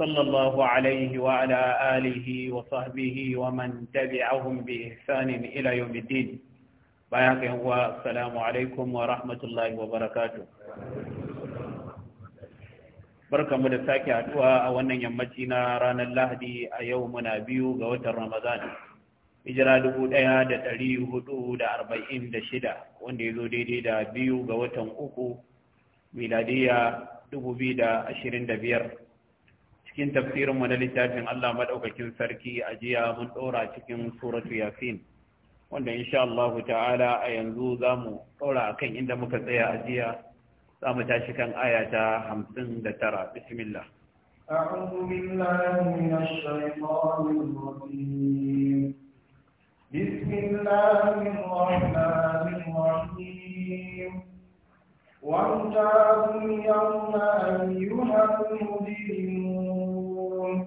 صلى wa عليه وعلى آله وصحبه ومن تبعهم بإحسان إلى يوم الدين wa هو السلام عليكم ورحمة الله وبركاته barka mu da sake haɗuwa a wannan yammaci na ranar lahadi a yau muna biyu ga watan ramadan hijira dubu ɗaya da ɗari hudu da arba'in da shida wanda ya zo daidai da biyu ga watan uku miladiya dubu biyu da ashirin da biyar cikin tafsirin mu na littafin Allah madaukakin sarki a jiya mun ɗora cikin suratu yasin wanda insha Allah ta'ala a yanzu zamu a kan inda muka tsaya a jiya mu tashi kan aya ta 59 bismillah أعوذ بالله من الشيطان الرجيم بسم الله الرحمن الرحيم وامتازوا يوم أيها المجرمون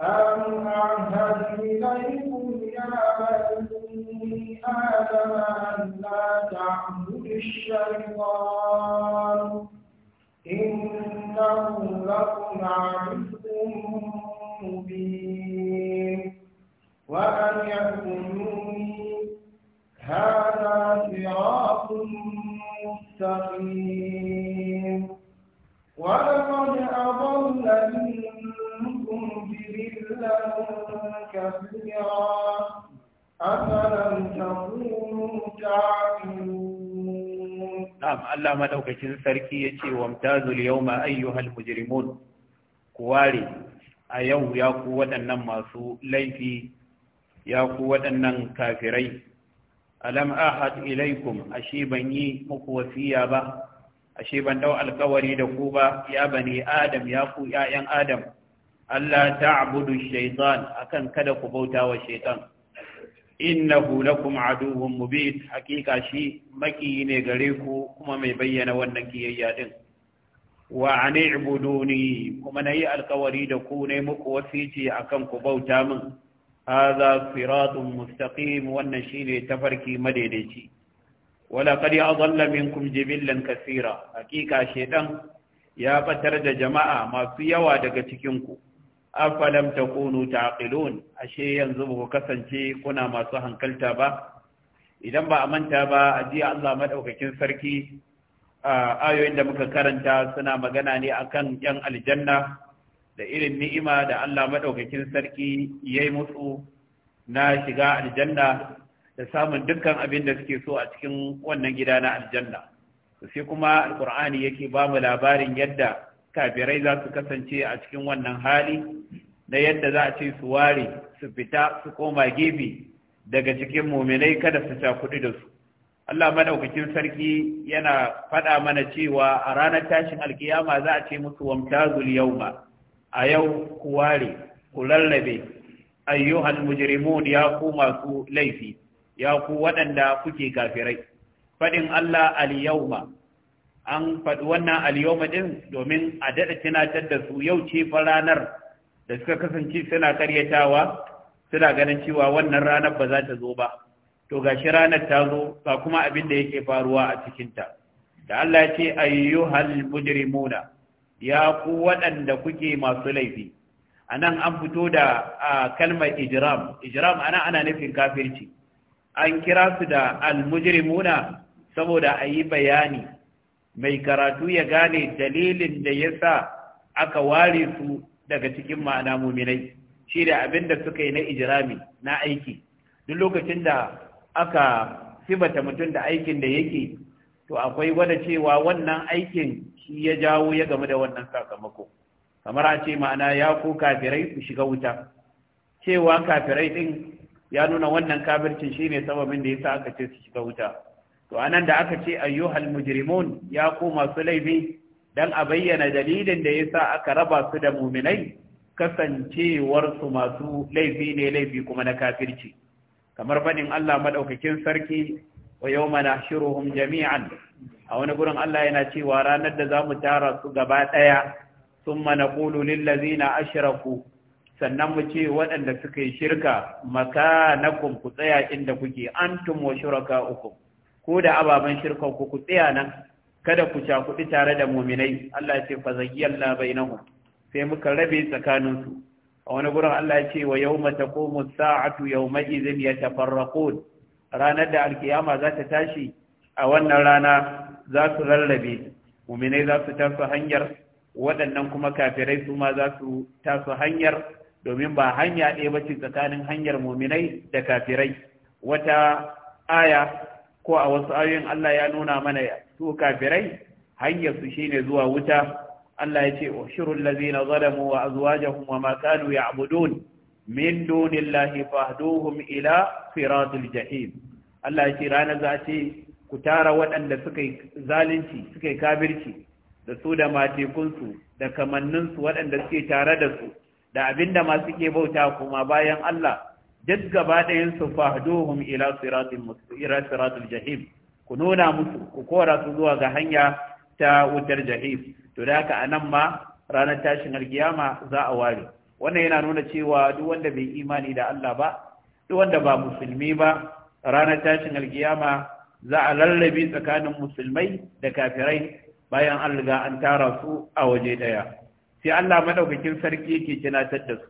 أم أعهد إليكم يا بني آدم أن لا تعبدوا الشيطان إنه لكم عدو مبين وأن يكونوا هذا مستقيم ولقد أضل منكم جبلا كثيرا أفلم تكونوا تعقلون Na’am, Allah maɗaukakin sarki ya ce, Wamtazul yau ma ayyuhal mujrimun, ku ware a yau ya ku waɗannan masu laifi, ya ku waɗannan kafirai alam ahad ilaikum ashe ban yi muku wasiya ba ashe ban dau alkawari da ku ba ya bani adam ya ku ƴaƴan adam Allah ta'budu shaytan akan kada ku bauta wa shaytan innahu lakum aduwwun mubin hakika shi maki ne gare ku kuma mai bayyana wannan kiyayya din wa an'buduni kuma nayi alkawari da ku ne muku wasici akan ku bauta min هذا صراط مستقيم والنشيل تفركي مديدتي ولقد أضل منكم جبلا كثيرا حقيقة شيطان يا فترد جماعة ما في يوادك تكينكو أفلم تكونوا تعقلون أشي ينزبه كسنتي كنا ما صحن كالتابا idan ba a manta ba a jiya Allah madaukakin sarki ayoyin da muka karanta suna magana ne akan yan aljanna da irin ni'ima da Allah maɗaukakin sarki ya yi musu na shiga aljanna da samun dukkan abin da suke so a cikin wannan gida na aljanna sai kuma alkur'ani yake ba mu labarin yadda kafirai za su kasance a cikin wannan hali na yadda za a ce su ware su fita su koma gefe daga cikin muminai kada su kuɗi da su Allah maɗaukakin sarki yana faɗa mana cewa a ranar tashin alkiyama za a ce musu wamtazul yauma a yau ku ware ku lallabe ayyuhan mujrimun ya ku masu laifi ya ku waɗanda kuke kafirai faɗin Allah al-yawma an faɗi wannan al-yawma din domin a daɗa tunatar da su yau ce fa ranar da suka kasance suna karyatawa suna ganin cewa wannan ranar ba za ta zo ba to gashi ranar ta zo ba kuma abin da yake faruwa a cikinta da Allah ya ce ayyuhal mujrimuna ya ku waɗanda kuke masu laifi A nan an fito da kalmar Ijiram ijiram ana ana nufin kafirci an kira su da almujirimuna saboda a yi bayani mai karatu ya gane dalilin da ya sa aka ware su daga cikin ma'ana muminai shi da abin da suka yi na ijirami na aiki duk lokacin da aka sibata mutum da aikin da yake to akwai gwada cewa wannan aikin shi ya jawo ya game da wannan sakamako kamar a ce ma'ana ya ko kafirai su shiga wuta cewa kafirai ɗin ya nuna wannan kafircin shine sababin da yasa aka ce su shiga wuta to anan da aka ce ayyuhal mujrimun ya ko masu laifi dan a bayyana dalilin da ya sa aka raba su da muminai kasancewarsu masu laifi ne laifi kuma na kafirci kamar fadin Allah madaukakin sarki wa yawma nahshuruhum jami'an a wani gurin Allah yana cewa ranar da za mu tara su gaba ɗaya sun mana ƙulu lillazina ku. sannan mu ce waɗanda suka yi shirka makanakum ku tsaya inda kuke antum wa shuraka uku ko da ababen shirkan ku ku tsaya nan kada ku kuɗi tare da muminai Allah ya ce fa zayyalla bainahum sai muka rabe tsakaninsu a wani gurin Allah ya ce wa yawma taqumu sa'atu yawma idhin yatafarraqun ranar da alkiyama za ta tashi a wannan rana za su rarrabe muminai za su tasu hanyar waɗannan kuma kafirai su ma za su tasu hanyar domin ba hanya ɗaya ba ce tsakanin hanyar muminai da kafirai wata aya ko a wasu ayoyin Allah ya nuna mana su kafirai hanyar su shine zuwa wuta Allah ya ce ushurul ladzina zalamu wa azwajahum wa ma kanu ya'budun min dunillahi fahduhum ila siratil jahim Allah ya ce ranar za ce ku tara waɗanda suka yi zalunci suka yi kabirci da su da matekunsu da kamanninsu waɗanda suke tare da su da abin da masu ke bauta kuma bayan Allah duk gaba ɗayan su fahduhum ila siratul jahim ku nuna musu ku kora su zuwa ga hanya ta wutar jahim to da haka anan ma ranar tashin alkiyama za a ware wannan yana nuna cewa duk wanda bai imani da Allah ba duk wanda ba musulmi ba ranar tashin alkiyama za a lallabi tsakanin musulmai da kafirai bayan an riga an tara su a waje daya sai Allah madaukakin sarki yake tunatar da su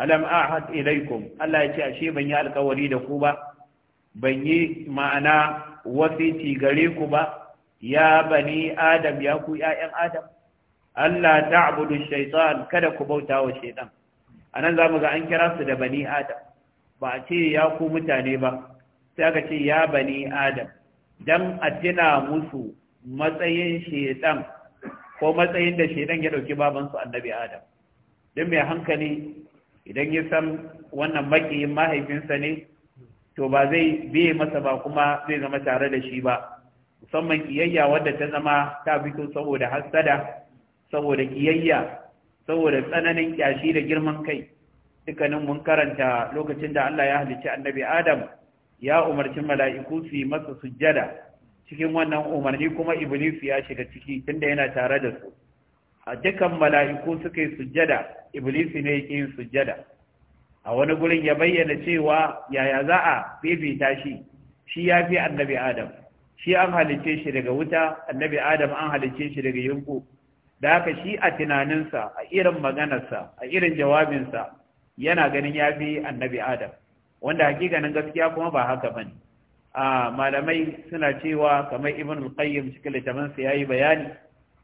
alam ahad ilaikum Allah ya ce ashe ban yi alkawari da ku ba ban yi ma'ana wasiti gare ku ba ya bani adam ya ku ƴaƴan adam Allah ta'budu shaytan kada ku bauta wa shaytan anan zamu ga an kira su da bani adam ba a ce ya ku mutane ba sai aka ce ya bani adam don a tuna musu matsayin shedan ko matsayin da shedan ya ɗauki babansu annabi adam don mai hankali idan ya san wannan makiyin mahaifinsa ne to ba zai biye masa ba kuma zai zama tare da shi ba musamman kiyayya wanda ta zama ta fito saboda hassada saboda kiyayya saboda tsananin kyashi da girman kai dukkanin mun karanta lokacin da Allah ya halicci annabi Adam ya umarci mala'iku su yi masa sujjada cikin wannan umarni kuma iblis ya shiga ciki tunda yana tare da su a dukan mala'iku suka yi sujjada iblis ne yake yin sujjada a wani gurin ya bayyana cewa yaya za a fifita shi shi ya fi annabi adam shi an halice shi daga wuta annabi adam an halice shi daga yunku da haka shi a tunaninsa a irin maganarsa a irin jawabinsa yana ganin ya fi annabi adam wanda hakikanin gaskiya kuma ba haka bane a malamai suna cewa kamar ibn al-qayyim cikin littafin sa yayi bayani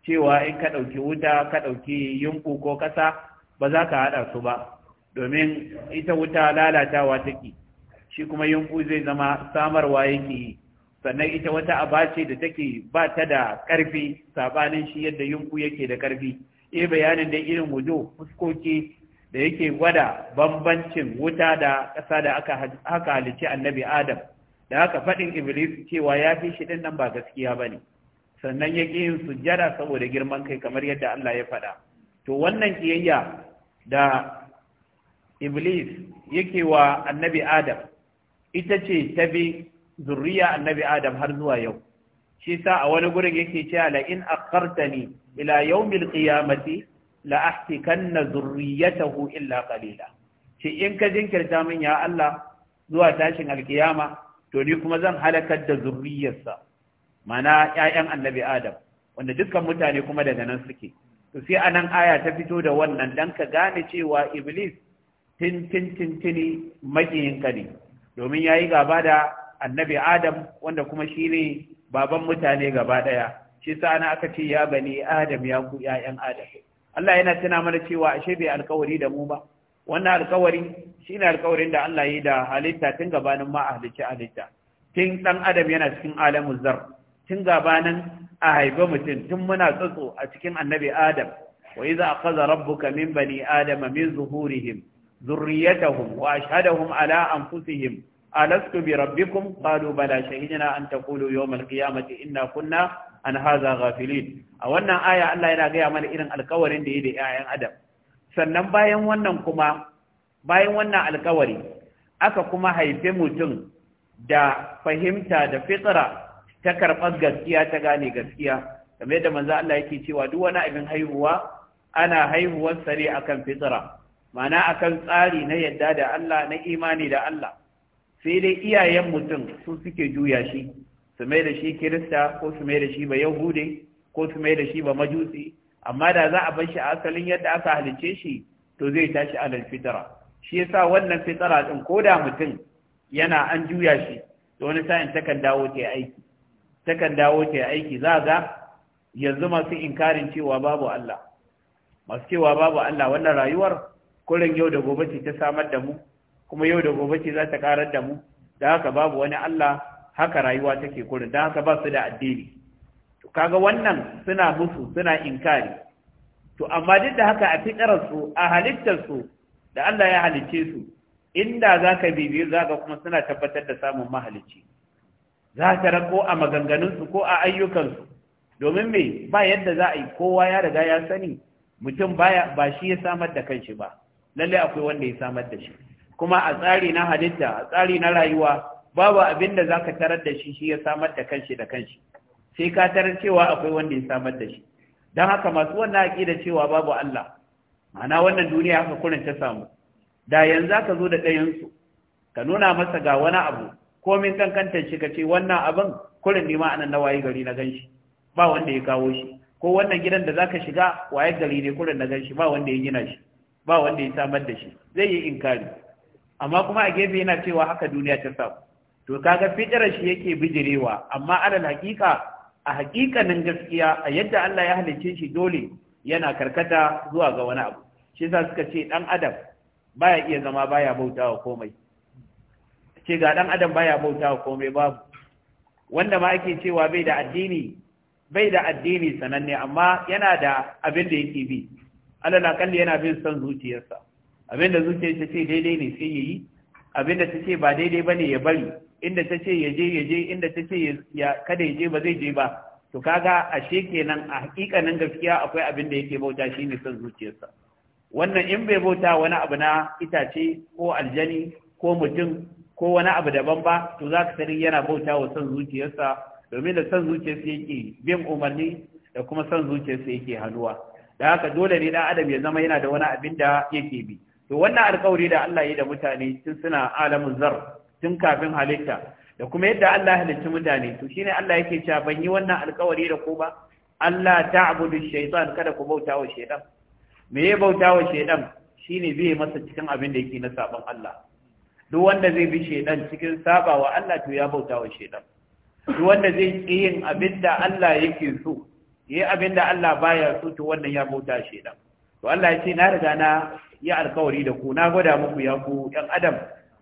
cewa in ka ɗauki wuta ka ɗauki yunku ko kasa ba za ka haɗa su ba domin ita wuta lalatawa take shi kuma yunku zai zama samarwa yake sannan ita wata aba ce da take ba ta da karfi saɓanin shi yadda yunku yake da karfi eh bayanin da irin wujo fuskoki da yake gwada bambancin wuta da ƙasa da aka halicci annabi adam da aka faɗin iblis cewa ya fi shi ɗin nan ba gaskiya ba ne sannan ya ƙi yin sujjada saboda girman kai kamar yadda Allah ya faɗa to wannan ƙiyayya da iblis yake wa annabi adam ita ce ta bi zurriya annabi adam har zuwa yau shi sa a wani gurin yake cewa la in akhartani ila yawmil qiyamati la'ahtikanna zurriyatahu illa qalila ce in ka jinkirta min ya Allah zuwa tashin alkiyama to ni kuma zan halakar da zurriyarsa mana ƴaƴan annabi Adam wanda dukkan mutane kuma daga nan suke to sai anan aya ta fito da wannan dan ka gane cewa iblis tintintintini makiyinka ne domin yayi gaba da annabi adam wanda kuma shine baban mutane gaba daya shi ana aka ce ya bani adam ya ku ‘ya'yan adam Allah yana tuna mana cewa ashe bai alkawari da mu ba wannan alkawari shine alkawarin da Allah yi da halitta tun gabanin ma ahlici halitta tun dan adam yana cikin alamu zar tun gabanin a haifi mutum tun muna tsotso a cikin annabi adam wa iza akhadha rabbuka min bani adam min zuhurihim ذريتهم وأشهدهم على أنفسهم rabbikum بربكم bala بلى an أن تقولوا يوم القيامة إنا kunna. an haza ghafilin a wannan aya Allah yana gaya mana irin alkawarin da ya da 'ya'yan adam sannan bayan wannan kuma bayan wannan alkawari aka kuma haife mutum da fahimta da fitra ta karɓar gaskiya ta gane gaskiya kamar da manzo Allah yake cewa duk wani abin haihuwa ana haihuwar sare akan fitra ma'ana akan tsari na yadda da Allah na imani da Allah sai dai iyayen mutum su suke juya shi su mai da shi kirista ko su mai da shi ba yahude ko su mai da shi ba majusi amma da za a bar shi a asalin yadda aka halicce shi to zai tashi a fitara shi yasa wannan fitara din ko da mutum yana an juya shi to wani sa'in takan dawo ta aiki takan dawo ta aiki za ga yanzu masu inkarin cewa babu Allah masu cewa babu Allah wannan rayuwar Kurin yau da gobe ce ta samar da mu kuma yau da gobe ce za ta karar da mu da haka babu wani Allah haka rayuwa take kurin don haka ba su da addini to kaga wannan suna musu suna inkari to amma duk da haka a fitararsu a halittar su da Allah ya halicce su inda zaka ka bibiyu kuma suna tabbatar da samun mahalicci za ka rako a maganganunsu ko a ayyukansu domin me ba yadda za a yi kowa ya riga ya sani mutum ba shi ya samar da kanshi ba lallai akwai wanda ya samar da shi kuma a tsari na halitta a tsari na rayuwa babu abin da zaka tarar da shi shi ya samar da kanshi da kanshi sai ka tarar cewa akwai wanda ya samar da shi don haka masu wannan aqida cewa babu Allah ma'ana wannan duniya haka kurin ta samu da yanzu ka zo da ɗayan su ka nuna masa ga wani abu komin kankantar shi ka ce wannan abin kurin ne anan na waye gari na ganshi ba wanda ya kawo shi ko wannan gidan da zaka shiga waye gari ne kurin na ganshi ba wanda ya gina shi ba wanda ya samar da shi zai yi inkari amma kuma a gefe yana cewa haka duniya ta samu to kaga fitrar shi yake bijirewa amma alal hakika, a hakikanin gaskiya a yadda Allah ya halicce shi dole yana karkata zuwa ga wani abu shi yasa suka ce dan adam baya iya zama baya bautawa komai ce ga dan adam baya bautawa komai babu wanda ma ake cewa bai da addini bai da addini sananne amma yana da abin da yake bi alal akalli yana bin son zuciyarsa abin da zuciyarsa ce daidai ne sai yayi abin da ta ce ba daidai bane ya bari inda ta ce ya je ya je inda ta ce kada ya je ba zai je ba to kaga ashe kenan a hakikanin gaskiya akwai abin da yake bauta shine son zuciyarsa wannan in bai bauta wani abu na itace ko aljani ko mutum ko wani abu daban ba to za sani yana bauta wa son zuciyarsa domin da son zuciyarsa yake bin umarni da kuma son zuciyarsa yake hannuwa da haka dole ne dan adam ya zama yana da wani abin da yake bi to wannan alkawari da Allah ya da mutane tun suna alamin zar tun kafin halitta da kuma yadda Allah halitta mutane to shine Allah yake cewa ban yi wannan alkawari da ku ba Allah ta'budu shaytan kada ku bauta wa shaytan me ya bauta wa shaytan shine zai masa cikin abin da yake na saban Allah duk wanda zai bi shaytan cikin sabawa Allah to ya bauta wa shaytan duk wanda zai yin abin da Allah yake so yi abin da Allah baya so to wannan ya bauta shaytan to Allah ya ce na riga na yi alkawari da ku na gwada muku ya ku ɗan adam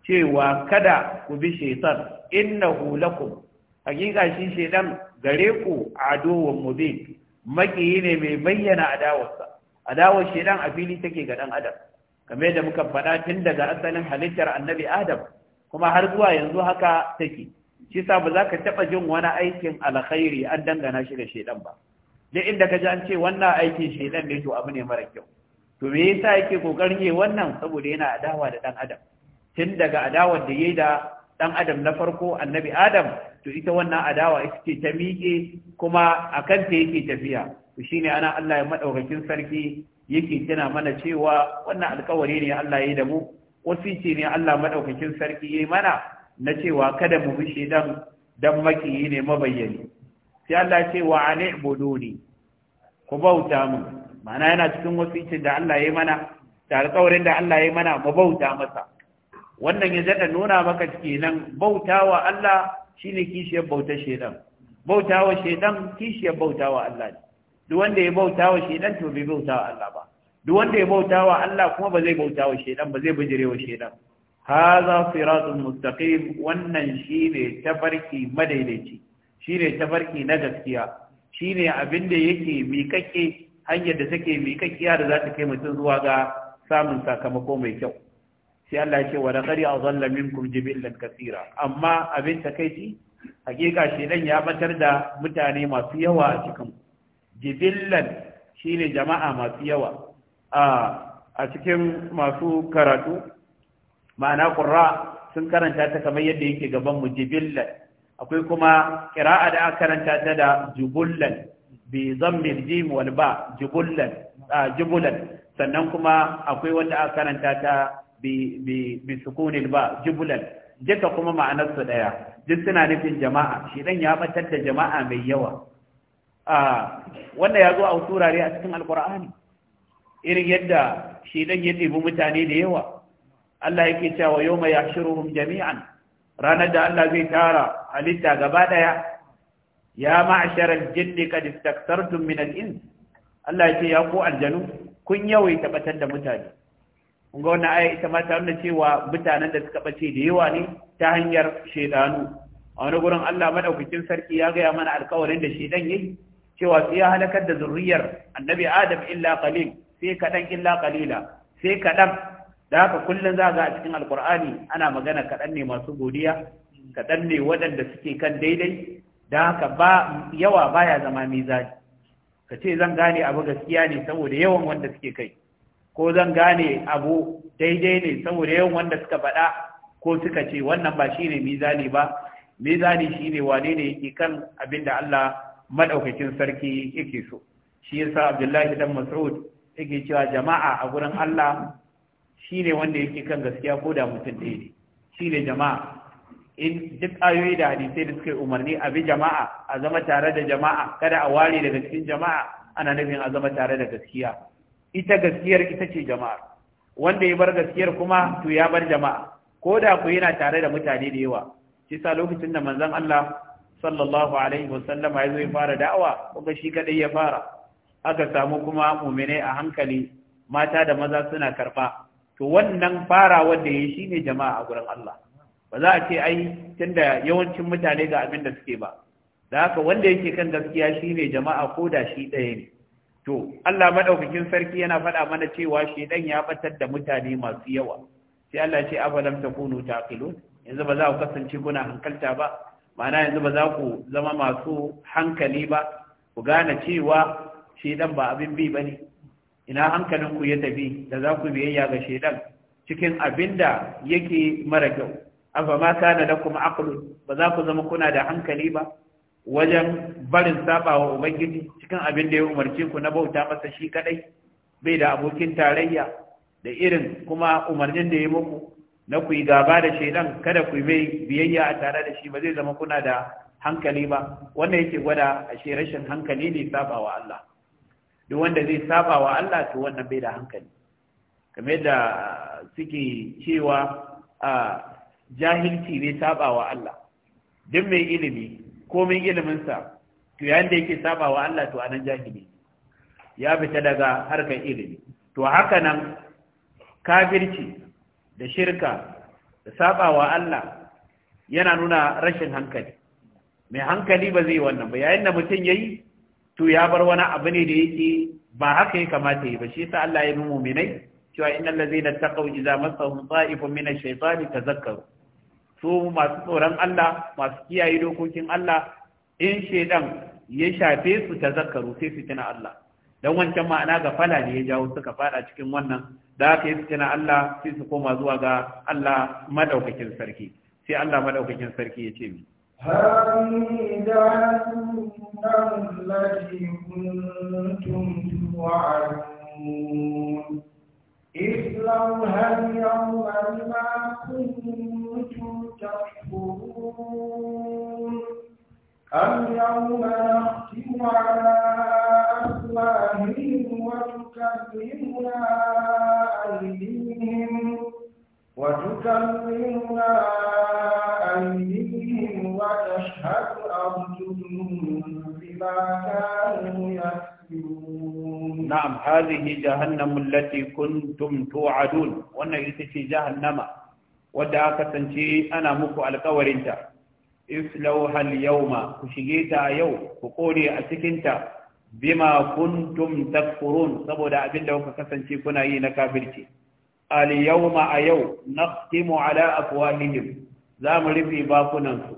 cewa kada ku bi shaitan innahu lakum hakika shi shaitan gare ku aduwwun mubin makiyi ne mai bayyana adawarsa adawar shaitan a fili take ga dan adam kamar da muka faɗa tun daga asalin halittar annabi adam kuma har zuwa yanzu haka take shi sa ba za ka taɓa jin wani aikin alkhairi an dangana shi da shaitan ba duk inda ka ji an ce wannan aikin shaiɗan ne to abu ne mara kyau to me yasa yake kokarin yi wannan saboda yana adawa da dan adam tun daga adawar da yayi da dan adam na farko annabi adam to ita wannan adawa ita ce ta miƙe kuma akan ta yake tafiya to shine ana Allah ya madaukakin sarki yake tana mana cewa wannan alkawari ne Allah ya yi da mu ce ne Allah madaukakin sarki ya yi mana na cewa kada mu bi shedan dan makiyi ne mabayyani sai Allah ya ce wa anibuduni ku bauta mu ma'ana yana cikin wasicin da Allah ya yi mana da alkawarin da Allah ya yi mana mu bauta masa wannan ya daɗa nuna maka kenan bautawa Allah shine kishiyar bautar shedan bautawa shedan kishiyar bautawa Allah ne duk wanda ya bautawa shedan to bai bautawa Allah ba duk wanda ya bautawa Allah kuma ba zai bautawa shedan ba zai bijirewa shedan hadha siratul mustaqim wannan shine tafarki madaidaici shine tafarki na gaskiya shine abin da yake miƙaƙe hanyar da take miƙaƙiya da za ta kai mutum zuwa ga samun sakamako mai kyau sai Allah ya ce wa laqad azalla minkum jibillan kaseera amma abin takeici hakika shedan ya batar da mutane masu yawa a cikin jibillan shine jama'a masu yawa a cikin masu karatu ma'ana qurra sun karanta ta kamar yadda yake gaban mu jibillan akwai kuma qira'a da aka karanta ta da jubullan bi zammil jim wal ba jubullan jubulan sannan kuma akwai wanda aka karanta ta bi sukunin ba jibulan duka kuma ma'anarsu ɗaya duk suna nufin jama'a shi ɗan ya batar da jama'a mai yawa wanda ya zo a turare a cikin alkur'ani irin yadda shi ɗan ya ɗibi mutane da yawa Allah yake cewa yau mai yashiruhum jami'an ranar da Allah zai tara halitta gaba ɗaya ya ma'asharar jinni kad istaktartum min al-ins Allah ya ce ya ku aljanu kun yau yawaita batar da mutane kun ga wannan aya ita ma ta nuna cewa mutanen da suka bace da yawa ne ta hanyar shaidanu? a wani gurin Allah madaukakin sarki ya gaya mana alkawarin da shaidan yayi cewa sai ya halakar da zurriyar annabi Adam illa qalil sai kadan illa qalila sai kadan da haka kullun za ga a cikin alqur'ani ana magana kadan ne masu godiya kadan ne waɗanda suke kan daidai da haka ba yawa baya zama mizani ka ce zan gane abu gaskiya ne saboda yawan wanda suke kai ko zan gane abu daidai ne saboda yawan wanda suka faɗa ko suka ce wannan ba shine mizani ba mizani shine wane ne yake kan abin da Allah maɗaukakin sarki yake so shi yasa Abdullahi dan Mas'ud yake cewa jama'a a gurin Allah shi ne wanda yake kan gaskiya ko da mutum ɗaya ne ne jama'a in duk ayoyi da hadisai da suka umarni a bi jama'a a zama tare da jama'a kada a ware daga cikin jama'a ana nufin a zama tare da gaskiya ita gaskiyar ita ce jama'a wanda ya bar gaskiyar kuma to ya bar jama'a ko da ku yana tare da mutane da yawa shi sa lokacin da manzon Allah sallallahu alaihi wasallama ya zo ya fara da'awa kuma shi kadai ya fara aka samu kuma mu'minai a hankali mata da maza suna karba to wannan fara wanda yayi shine jama'a a gurin Allah ba za a ce ai tunda yawancin mutane ga abin da suke ba da haka wanda yake kan gaskiya shine jama'a ko da shi ɗaya ne to Allah madaukakin sarki yana faɗa mana cewa shaidan ya batar da mutane masu yawa sai Allah ce afalam takunu taqilun yanzu ba za ku kasance kuna hankalta ba ma'ana yanzu ba za ku zama masu hankali ba ku gane cewa shedan ba abin bi bane ina hankalin ku ya tafi da za ku biyayya ga shaidan? cikin abinda yake mara kyau afa ma kana lakum ba za ku zama kuna da hankali ba wajen barin wa ubangiji cikin abin da ya umarce ku na bauta masa shi kadai bai da abokin tarayya da irin kuma umarnin da ya muku na ku yi gaba da shaidan kada ku mai biyayya a tare da shi ba zai zama kuna da hankali ba wannan yake gwada ashe rashin hankali ne wa Allah duk wanda zai wa Allah to wannan bai da hankali kamar da suke cewa a ah, jahilci ne wa Allah duk mai ilimi komin iliminsa to yayin da yake saba wa Allah to anan jahili ya fita daga harkar ilimi to haka nan kafirci da shirka da saba wa Allah yana nuna rashin hankali mai hankali ba zai wannan ba yayin da mutum yayi to ya bar wani abu ne da yake ba haka ya kamata yi ba shi yasa Allah ya yi mu'minai cewa innal ladzina taqaw idza massahum ta'ifun minash shaytani tazakkaru su masu tsoron Allah masu kiyaye dokokin Allah in shaidan ya shafe su ta zakaru sai su tuna Allah dan wancan ma'ana ga fala ne ya jawo suka fada cikin wannan da aka yi su tuna Allah sai su koma zuwa ga Allah madaukakin sarki sai Allah madaukakin sarki ya ce mi هذه da هل اليوم ما كنتم تكفرون اليوم نختم على أفواههم وتكلمنا أيديهم وتكلمنا أيديهم وتشهد أرجلهم بما كانوا na'am hadhihi jahannamu allati kuntum tu'adun wannan ita ce jahannama wadda aka tance ana muku alkawarinta islauha al-yawma ku shige ta yau ku kore a cikin ta bima kuntum takfurun saboda abin da kuka kasance kuna yi na kafirci al-yawma a yau naqtimu ala afwahihim za mu rufe bakunansu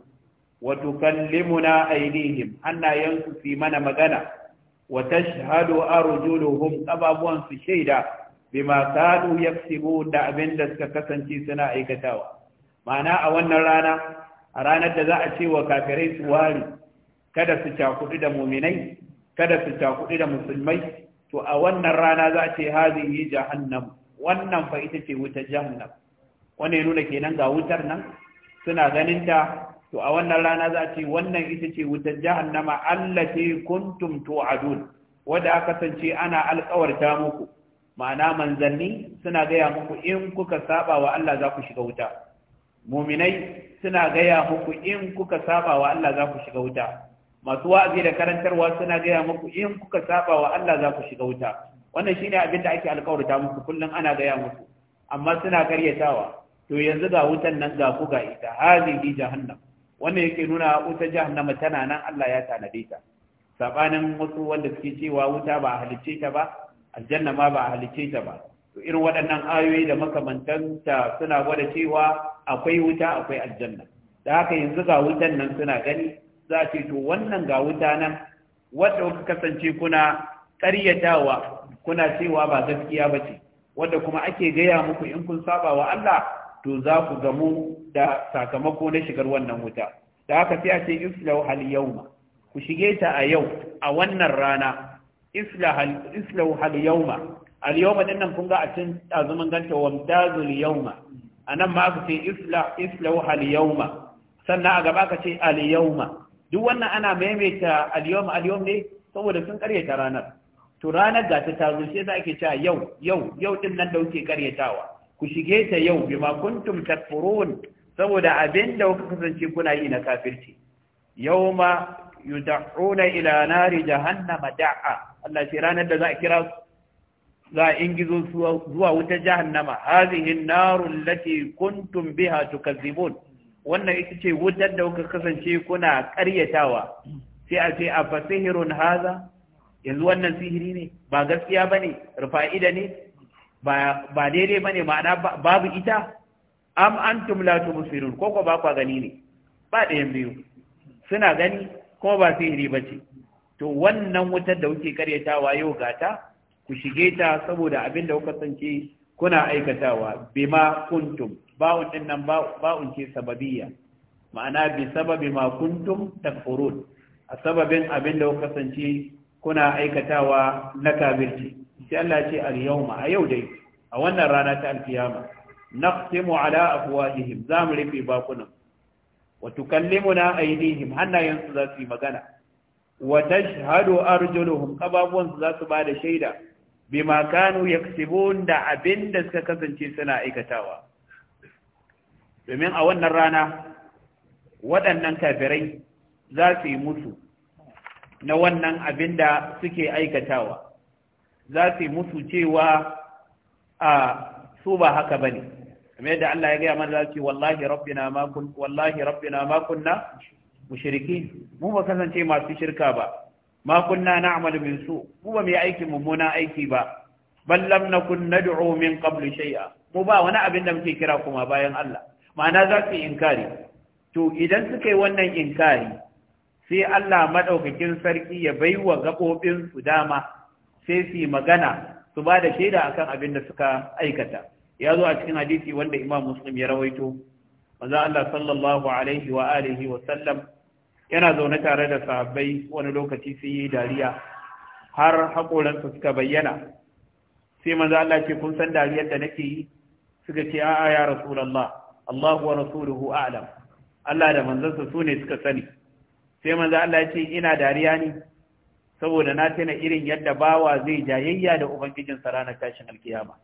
wa tukallimuna aydihim hannayensu fi mana magana wa tashhadu arjuluhum qababun fi shaida bima kanu yaksubu da abin da suka kasance suna aikatawa ma'ana a wannan rana a ranar da za a ce wa kafirai su wari kada su cakudi da muminai kada su cakudi da musulmai to a wannan rana za a ce hazihi jahannam wannan fa ita ce wuta jahannam wannan ya nuna kenan ga wutar nan suna ganin ta to a wannan rana za a ce wannan ita ce wutar jahannama allati kuntum tu'adun wanda aka sance ana alƙawarta muku ma'ana manzanni suna gaya muku in kuka saba wa Allah za ku shiga wuta muminai suna gaya muku in kuka saba wa Allah za ku shiga wuta masu wa'azi da karantarwa suna gaya muku in kuka saba wa Allah za ku shiga wuta wannan shine abin da ake alƙawarta muku kullum ana gaya muku amma suna karyatawa to yanzu ga wutan nan ga ku ga ita hazihi jahannam wannan yake nuna wuta jahannama tana nan Allah ya tanade ta sabanin wasu wanda suke cewa wuta ba halicce ta ba aljanna ma ba halicce ta ba to irin waɗannan ayoyi da makamantanta suna gwada cewa akwai wuta akwai aljanna da haka yanzu ga wutan nan suna gani za ce to wannan ga wuta nan wadda kuka kasance kuna ƙaryatawa kuna cewa ba gaskiya ba ce wadda kuma ake gaya muku in kun saba wa Allah to za ku gamu da sakamako na shigar wannan wuta da aka fi a ce islau hal yauma ku shige ta a yau a wannan rana islau hal yauma al yauma din nan kun ga a cin azumin ganta wamtazul yauma anan ma aka ce islau hal yauma sannan a gaba aka ce al yauma duk wannan ana maimaita al yauma al ne saboda sun karyata ranar to ranar gata ta zo sai za ake cewa yau yau yau din nan da kuke karyatawa ku shige ta yau bima kuntum takfurun saboda abin da kuka kasance kuna yi na kafirci yawma yud'una ila nari jahannama da'a Allah shi ranar da za a kira za a ingizo zuwa wutar jahannama hadhihi an-naru allati kuntum biha tukazzibun wannan ita ce wutar da kuka kasance kuna karyatawa sai a ce a fasihirun haza yanzu wannan sihiri ne ba gaskiya bane rufa'ida ne ba daidai ba ne ma'ana babu ita am antum la tubsirun ko ko ba kwa gani ne ba ɗayan biyu suna gani kuma ba sihiri bace to wannan wutar da kuke karyatawa yau gata ku shige ta saboda abin da kuka kasance kuna aikatawa bima kuntum ba'un wannan nan ba'un ce sababiyya ma'ana bi sababi ma kuntum takfurun a sababin abin da kuka kasance kuna aikatawa na kabirci sai Allah ce al-yawma a yau dai a wannan rana ta alkiyama naqtimu ala afwahihim za mu rufe bakunan wa tukallimuna aydihim hannayensu za su yi magana wa tashhadu arjuluhum qababuwansu za su bada shaida bima kanu yaksibun da abinda suka kasance suna aikatawa domin a wannan rana waɗannan kafirai za su yi musu na wannan abinda suke aikatawa za su musu cewa a su ba haka bane kamar yadda Allah ya gaya mana za su wallahi rabbina ma kun wallahi rabbina ma kunna mushriki mu ba kasance masu shirka ba ma kunna na'malu min su mu ba mai aikin mummuna aiki ba bal lam nakun nad'u min qablu shay'a mu ba wani abin da muke kira kuma bayan Allah ma'ana za su inkari to idan suka yi wannan inkari sai Allah madaukakin sarki ya baiwa gaɓoɓinsu dama sai su yi magana su ba da shaida a kan abin da suka aikata ya zo a cikin hadisi wanda imam muslim ya rawaito manzo Allah sallallahu alaihi wa alihi wa sallam yana zaune tare da sahabbai wani lokaci sun yi dariya har haƙoransa suka bayyana sai manzo Allah ce kun san dariyar da nake yi suka ce a'a ya rasulullah Allah wa rasuluhu a'lam Allah da manzansa su ne suka sani sai manzo Allah ce ina dariya ne saboda na tana irin yadda bawa zai jayayya da ubangijinsa ranar tashin alkiyama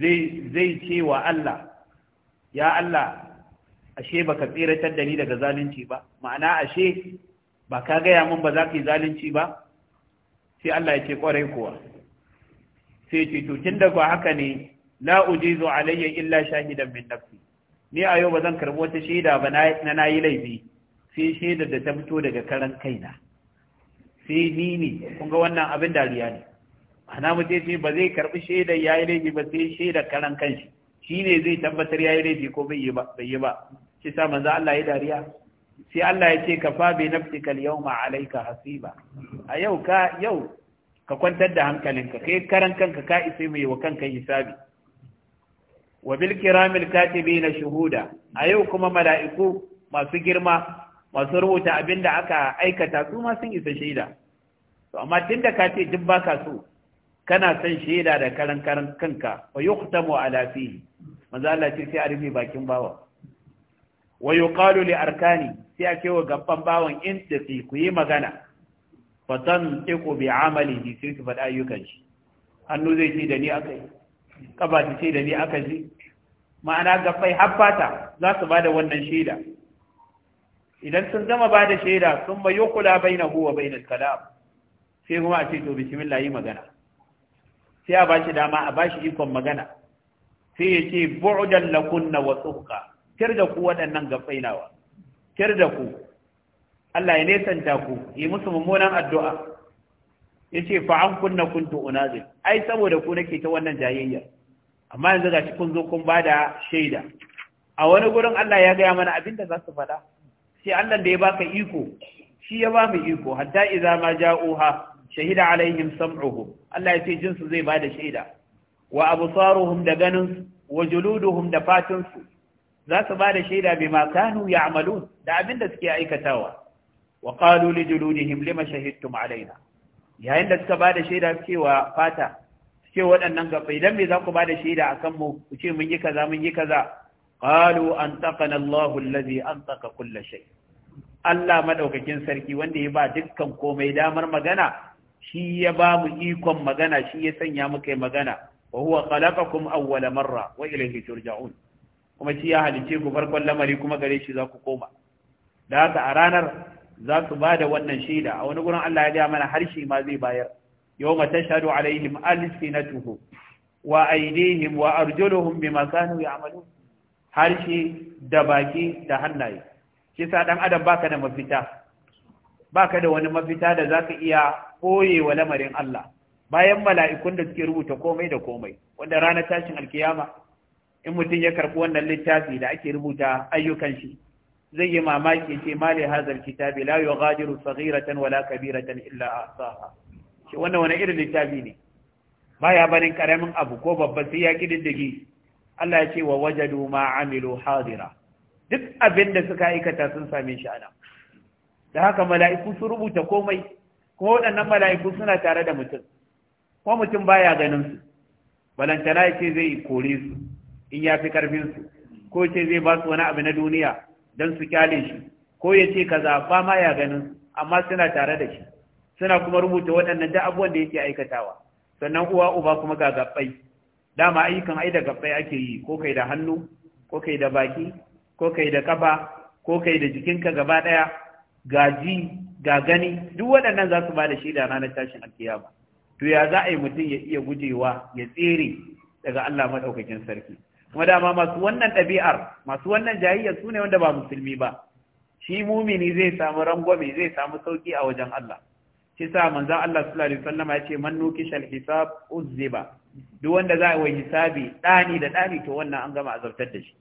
zai ce wa Allah ya Allah ashe baka tsiratar da ni daga zalunci ba ma'ana ashe ba ka gaya min ba za ka yi zalunci ba sai Allah ya ce kwarai kuwa sai ce to tun da haka ne la ujizu alayya illa shahidan min nafsi ni a yau ba zan karbi wata shaida ba na nayi laifi sai shaida da ta fito daga karan kaina sai ni ne kun ga wannan abin dariya ne ana mu ce ba zai karbi shaida yayi laifi ba sai shaida karan kanshi shine zai tabbatar yayi laifi ko bai yi ba bai yi ba shi sa manzo Allah ya dariya sai Allah ya ce ka fa bi nafsika al-yawma alayka hasiba a yau ka yau ka kwantar da hankalinka kai karan kanka ka isa mai wa kanka hisabi wa bil kiramil katibina shuhuda a yau kuma mala'iku masu girma masu rubuta abin da aka aikata su ma sun isa shaida to amma tun da ka ce duk baka so kana son shaida da karan karan kanka wa yuqtamu a fihi manzo Allah ce sai a rufe bakin bawa wa kalu li arkani sai a ce wa gaban bawan in tafi ku yi magana fa tantiqu bi amalihi sai su faɗa ayyukan shi hannu zai ce da ni akai ta ce da ni aka ji ma'ana gabbai har za su bada wannan shaida idan sun gama ba da shaida sun ma yukula bai na huwa bai na kalam sai kuma a ce to bismillah yi magana sai a bashi dama a bashi ikon magana sai ya ce bu'udan lakunna wa tsuhka kir da ku waɗannan gafainawa kir da ku Allah ya nesanta ku yi musu mummunan addu'a ya ce fa an kunna kuntu unazil ai saboda ku nake ta wannan jayayya amma yanzu ga kun zo kun bada shaida a wani gurin Allah ya gaya mana abinda za su faɗa sai Allah da ya baka iko shi ya ba mu iko hatta idza ma ja'uha shahida alaihim sam'uhu Allah ya ce jinsu zai bada shaida wa absaruhum da ganin su, wa juluduhum da fatin su za su bada da shaida bima kanu ya'malun da abinda suke aikatawa wa qalu li juludihim lima shahidtum alaina yayin da suka bada shaida cewa fata suke waɗannan gaba idan me za ku bada shaida akan mu ku ce mun yi kaza mun yi kaza qalu antaqana Allahu allazi antaqa kulla shai. Allah madaukakin sarki wanda ya ba dukkan komai damar magana shi ya ba mu ikon magana shi ya sanya mu kai magana wa huwa khalaqakum awwala marra wa ilayhi turja'un kuma shi ya halice ku farkon lamari kuma gare shi za ku koma da haka a ranar za su ba da wannan shaida a wani gurin Allah ya gaya mana harshe ma zai bayar yawma tashhadu alaihim alsinatuhum wa aydihim wa arjuluhum bima kanu ya'malun harshe da baki da hannaye shi sa dan adam baka da mafita baka da wani mafita da zaka iya koye wa lamarin Allah bayan mala'ikun da suke rubuta komai da komai wanda ranar tashin alkiyama in mutum ya karbi wannan littafi da ake rubuta ayyukan shi zai yi mamaki ce mali hazal kitabi la yughadiru saghiratan wala kabiratan illa ahsaha shi wannan wani irin littafi ne baya barin karamin abu ko babba sai ya kididdige Allah ya ce wa wajadu ma amilu hadira duk abin da suka aikata sun same shi ana da haka mala'iku su rubuta komai kuma waɗannan mala'iku suna tare da mutum ko mutum baya ganin su balantana ya ce zai kore su in ya fi karfin su ko ce zai ba su wani abu na duniya don su kyale shi ko ya ce kaza ba ma ya ganin amma suna tare da shi suna kuma rubuta waɗannan da abuwan da yake aikatawa sannan uwa uba kuma ga gabbai dama ayyukan ai da gabbai ake yi ko kai da hannu ko kai da baki ko kai da kafa ko kai da jikinka gaba daya gaji ga gani duk waɗannan za su ba da shaida ranar tashin alkiyama to ya za a yi mutum ya iya gujewa ya tsere daga Allah madaukakin sarki kuma dama masu wannan ɗabi'ar masu wannan jahiyar su ne wanda ba musulmi ba shi mumini zai samu rangwame zai samu sauki a wajen Allah shi sa manzon Allah sallallahu alaihi wasallam ya ce man nukishal hisab uzziba duk wanda za a yi wa hisabi ɗani da ɗani to wannan an gama azabtar da shi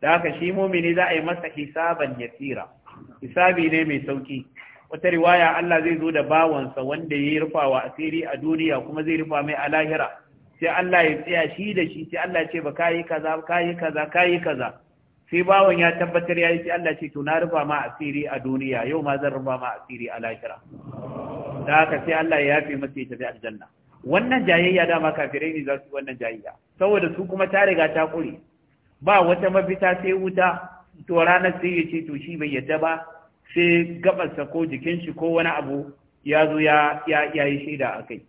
da haka shi mumini za a yi masa hisaban yasira hisabi ne mai sauki wata riwaya Allah zai zo da bawansa wanda ya rufa wa asiri a duniya kuma zai rufa mai a lahira sai Allah ya tsaya shi da shi sai Allah ya ce ba kayi kaza kayi kaza kayi kaza sai bawan ya tabbatar ya yi sai Allah ce to na rufa ma asiri a duniya yau ma zan rufa ma asiri a lahira da haka sai Allah ya yafe masa ya tafi aljanna wannan jayayya dama kafirai ne za su wannan jayayya saboda su kuma ta riga ta kure ba wata mafita sai wuta to ranar sai ya ce to shi bai yadda ba sai gabarsa ko jikin shi ko wani abu ya zo ya ya yi shaida a kai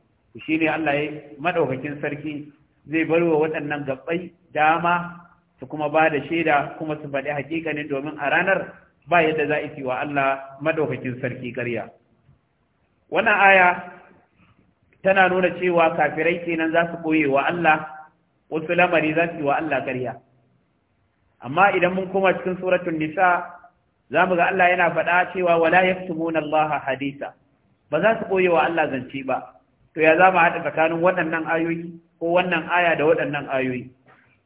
shi ne Allah ya madaukakin sarki zai bar wa waɗannan gabbai dama su kuma ba da shaida kuma su faɗi hakikanin domin a ranar ba yadda za a yi wa Allah madaukakin sarki ƙarya wannan aya tana nuna cewa kafirai kenan za su koye wa Allah wasu lamari za su yi wa Allah ƙarya amma idan mun koma cikin suratul nisa za mu ga Allah yana faɗa cewa wala yaktumuna Allah hadisa ba za su koye wa Allah zance ba to ya za mu haɗa tsakanin waɗannan ayoyi ko wannan aya da waɗannan ayoyi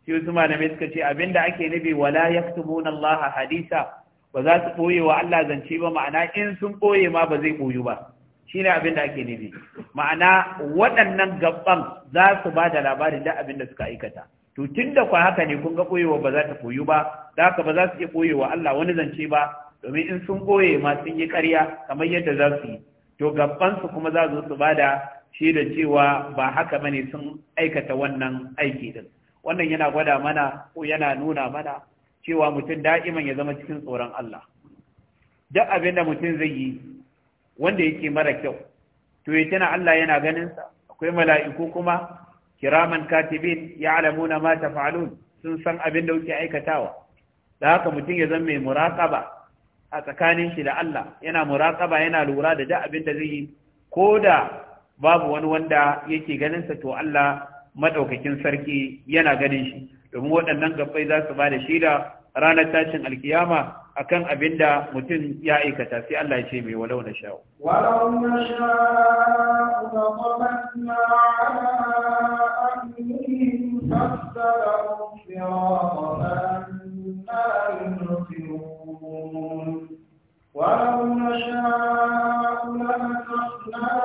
Shi wasu malamai suka ce abinda ake nufi wala yaktumuna Allah hadisa ba za su koye wa Allah zance ba ma'ana in sun koye ma ba zai koyu ba shine abin da ake nufi ma'ana waɗannan gabban za su ba da labarin da abin da suka aikata to tun da kwa haka ne kun ga koyewa ba za ta koyu ba da haka ba za su iya koyewa Allah wani zance ba domin in sun koye ma sun yi ƙarya kamar yadda za su yi to gabban su kuma za su ba da shi cewa ba haka ba ne sun aikata wannan aiki din wannan yana gwada mana ko yana nuna mana cewa mutum da'iman ya zama cikin tsoron Allah duk abin da mutum zai yi wanda yake mara kyau to ya tana Allah yana ganinsa, sa akwai mala'iku kuma kiraman katibin ya'lamuna ma taf'alun sun san abin da kuke aikatawa da haka mutum ya zama mai muraqaba a tsakanin shi da Allah yana muraqaba yana lura da duk abin da zai yi ko da babu wani wanda yake ganinsa to Allah madaukakin sarki yana ganin shi domin waɗannan gabbai za su ba da shida, ranar tashin alkiyama akan abin da mutum ya aikata sai Allah ya ce mai walau na sha'u walau na sha'u da qamatna ala amrihim fastalahu siratan ولو نشاء لمسخناهم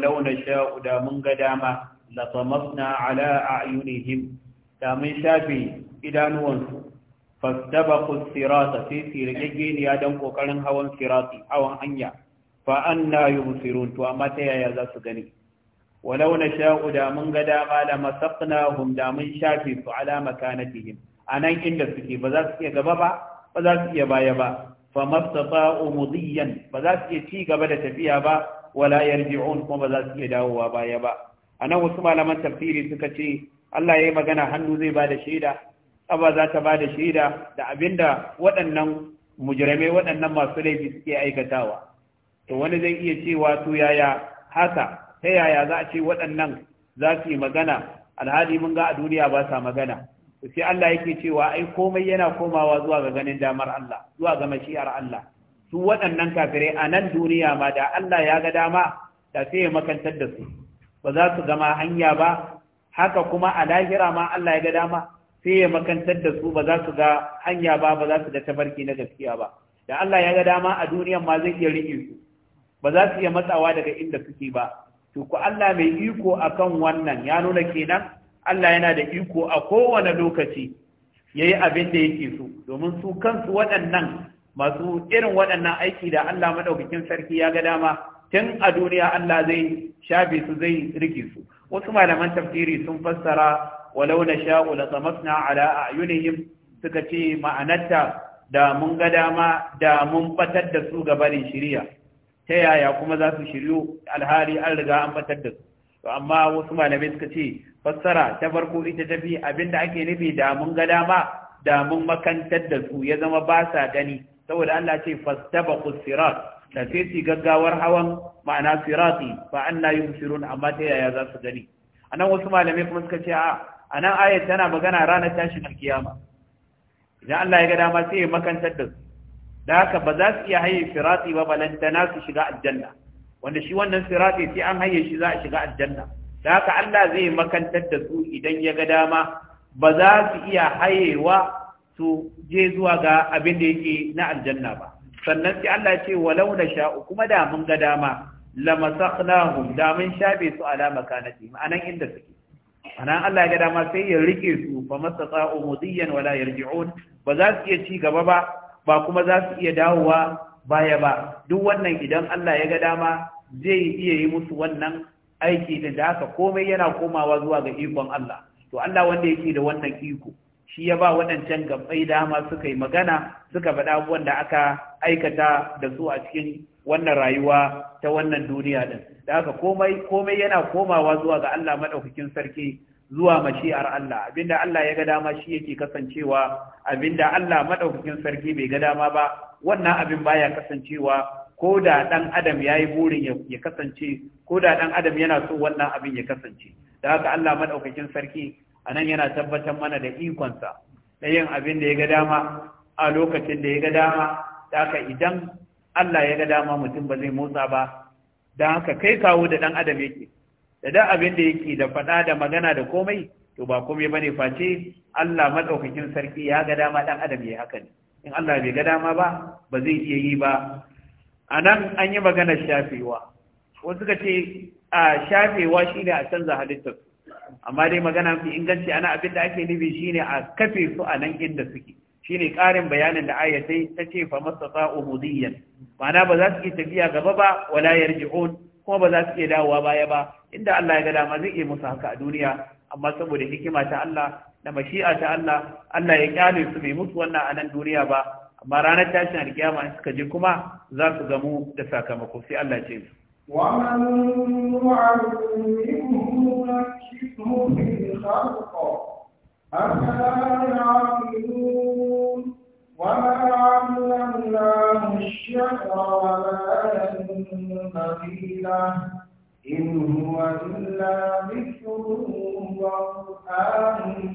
walau na sha'u da mun ga dama latamasna ala a'yunihim da mun shafe idanuwansu fastabaqu sirata fi sirgegeni ya dan kokarin hawan sirati hawan hanya fa anna yubsirun to amma ta yaya za su gani walau na sha'u da mun ga dama la masaqnahum da mun shafe su ala makanatihim anan inda suke ba za su iya gaba ba ba za su iya baya ba fa mastata'u mudiyan ba za su iya ci gaba da tafiya ba wala yarji'un kuma ba za su iya dawowa baya ba anan wasu malaman tafsiri suka ce Allah ya yi magana hannu zai bada shaida aba za ta ba da shaida da abinda waɗannan mujrame waɗannan masu laifi suke aikatawa to wani zai iya cewa to yaya haka ta yaya za a ce waɗannan za su yi magana alhali mun ga a duniya ba sa magana sai Allah yake cewa ai komai yana komawa zuwa ga ganin damar Allah zuwa ga mashi'ar Allah su waɗannan kafirai a nan duniya ma da Allah ya ga dama da sai ya makantar da su ba za su zama hanya ba haka kuma a lahira ma Allah ya ga dama sai ya makantar da su ba za su ga hanya ba ba za su ga tabarki na gaskiya ba da Allah ya ga dama a duniya ma zai iya riƙe su ba za su iya matsawa daga inda suke ba to ku Allah mai iko akan wannan ya nuna kenan Allah yana da iko a kowane lokaci yayi abin da yake so domin su kansu waɗannan masu irin waɗannan aiki da Allah madaukakin sarki ya ga dama tun a duniya Allah zai shafe su zai rike su wasu malaman tafsiri sun fassara walau na sha'u la tamasna ala a'yunihim suka ce ma'anarta da mun ga dama da mun batar da su ga barin shiriya ta yaya kuma za su shiryu alhali an riga an batar da su to amma wasu malamai suka ce fassara ta farko ita ta fi abinda ake nufi da mun ga dama da mun makantar da su ya zama ba sa gani saboda Allah ce fastabaqus sirat da sai gaggawar hawan ma'ana sirati fa anna yubsirun amma ta yaya za su gani anan wasu malamai kuma suka ce a anan ayat tana magana ranar tashin alkiyama idan Allah ya ga dama sai ya makantar da su da haka ba za su iya haye sirati ba balantana su shiga aljanna wanda shi wannan sirati sai an haye shi za a shiga aljanna da haka Allah zai makantar da su idan ya ga dama ba za su iya hayewa su je zuwa ga abin da yake na aljanna ba sannan sai Allah ya ce walau na sha'u kuma da mun ga dama lamasakhnahum da mun shafe su ala makanati ma'anan inda suke anan Allah ya ga dama sai ya rike su fa masata'u mudiyan wala yarji'un ba za su iya ci gaba ba ba kuma za su iya dawowa baya ba duk wannan idan Allah ya ga dama zai iya yi musu wannan aiki da haka komai yana komawa zuwa ga ikon Allah to Allah wanda yake da wannan iko shi ya ba waɗancan gabbai dama suka yi magana suka faɗa abubuwan da aka aikata da su a cikin wannan rayuwa ta wannan duniya din da haka komai komai yana komawa zuwa ga Allah madaukakin sarki zuwa mashi'ar Allah abinda Allah ya ga dama shi yake kasancewa abinda Allah madaukakin sarki bai ga dama ba wannan abin baya kasancewa ko da dan adam yayi burin ya kasance ko da dan adam yana so wannan abin ya kasance da haka Allah madaukakin sarki anan yana tabbatar mana da ikonsa na yin abin da ya ga dama a lokacin da ya ga dama da haka idan Allah ya ga dama mutum ba zai motsa ba da haka kai kawo da ɗan adam yake da da abin da yake da faɗa da magana da komai to ba komai bane face Allah madaukakin sarki ya ga dama ɗan adam yayi haka ne in Allah bai ga dama ba ba zai iya yi ba anan an yi maganar shafewa wasu suka ce a shafewa shine a canza halittarsu amma dai magana mafi inganci ana abin da ake nufi shine a kafe su a nan inda suke shine karin bayanin da ayatai ta ce fa masafa umudiyan ma'ana ba za su iya tafiya gaba ba wala yarji'un kuma ba za su iya dawowa baya ba inda Allah ya ga dama zai iya musu haka a duniya amma saboda hikima ta Allah da mashi'a ta Allah Allah ya kyale su bai musu wannan a nan duniya ba amma ranar tashin alkiyama suka je kuma za su gamu da sakamako sai Allah ce su ومن نعلمه نكسه في الخلق أفلا يعقلون وما علمناه الشعر ولا ينبغي له إن هو إلا ذكر وقرآن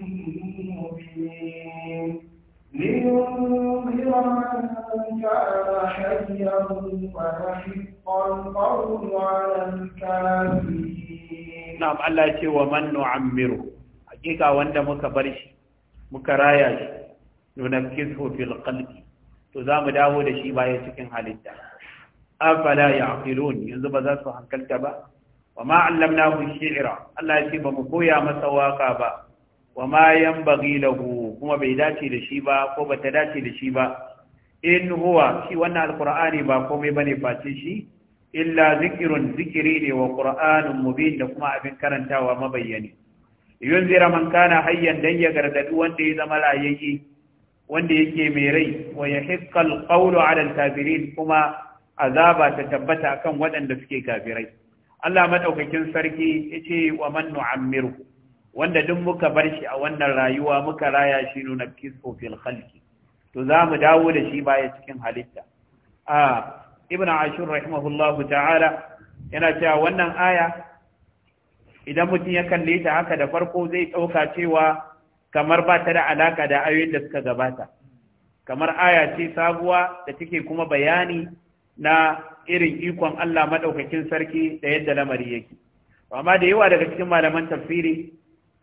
مبين Ni muhimmanci suna shanye ce wa man nu'ammiru. Hakika wanda muka raya shi nuna kitso filin ƙarfi, to za mu dawo da shi bayan cikin halitta. Za faɗa ya aphiloni. Yanzu ba za su hankalta ba. Bama allam na mushi jira. Allah ce ba mu koya masa waka ba. wa ma bagi lahu kuma bai dace da shi ba ko ba ta dace da shi ba in huwa shi wannan alqur'ani ba komai bane face shi illa zikirun zikiri ne wa qur'anun mubin da kuma abin karantawa mabayyani yunzira man kana hayyan dan ya gargadi wanda ya zama layayi wanda yake mai rai wa yahiqqa alqawlu ala alkafirin kuma azaba ta tabbata akan waɗanda suke kafirai Allah madaukakin sarki yace wa man nu'ammiru wanda duk muka bar shi a wannan rayuwa muka raya shi nuna kisko fil khalqi to za mu dawo da shi baya cikin halitta a ibn ashur rahimahullahu ta'ala yana cewa wannan aya idan mutum ya kalle ta haka da farko zai ɗauka cewa kamar ba ta da alaka da ayoyin da suka gabata kamar aya ce sabuwa da take kuma bayani na irin ikon Allah madaukakin sarki da yadda lamari yake amma da yawa daga cikin malaman tafsiri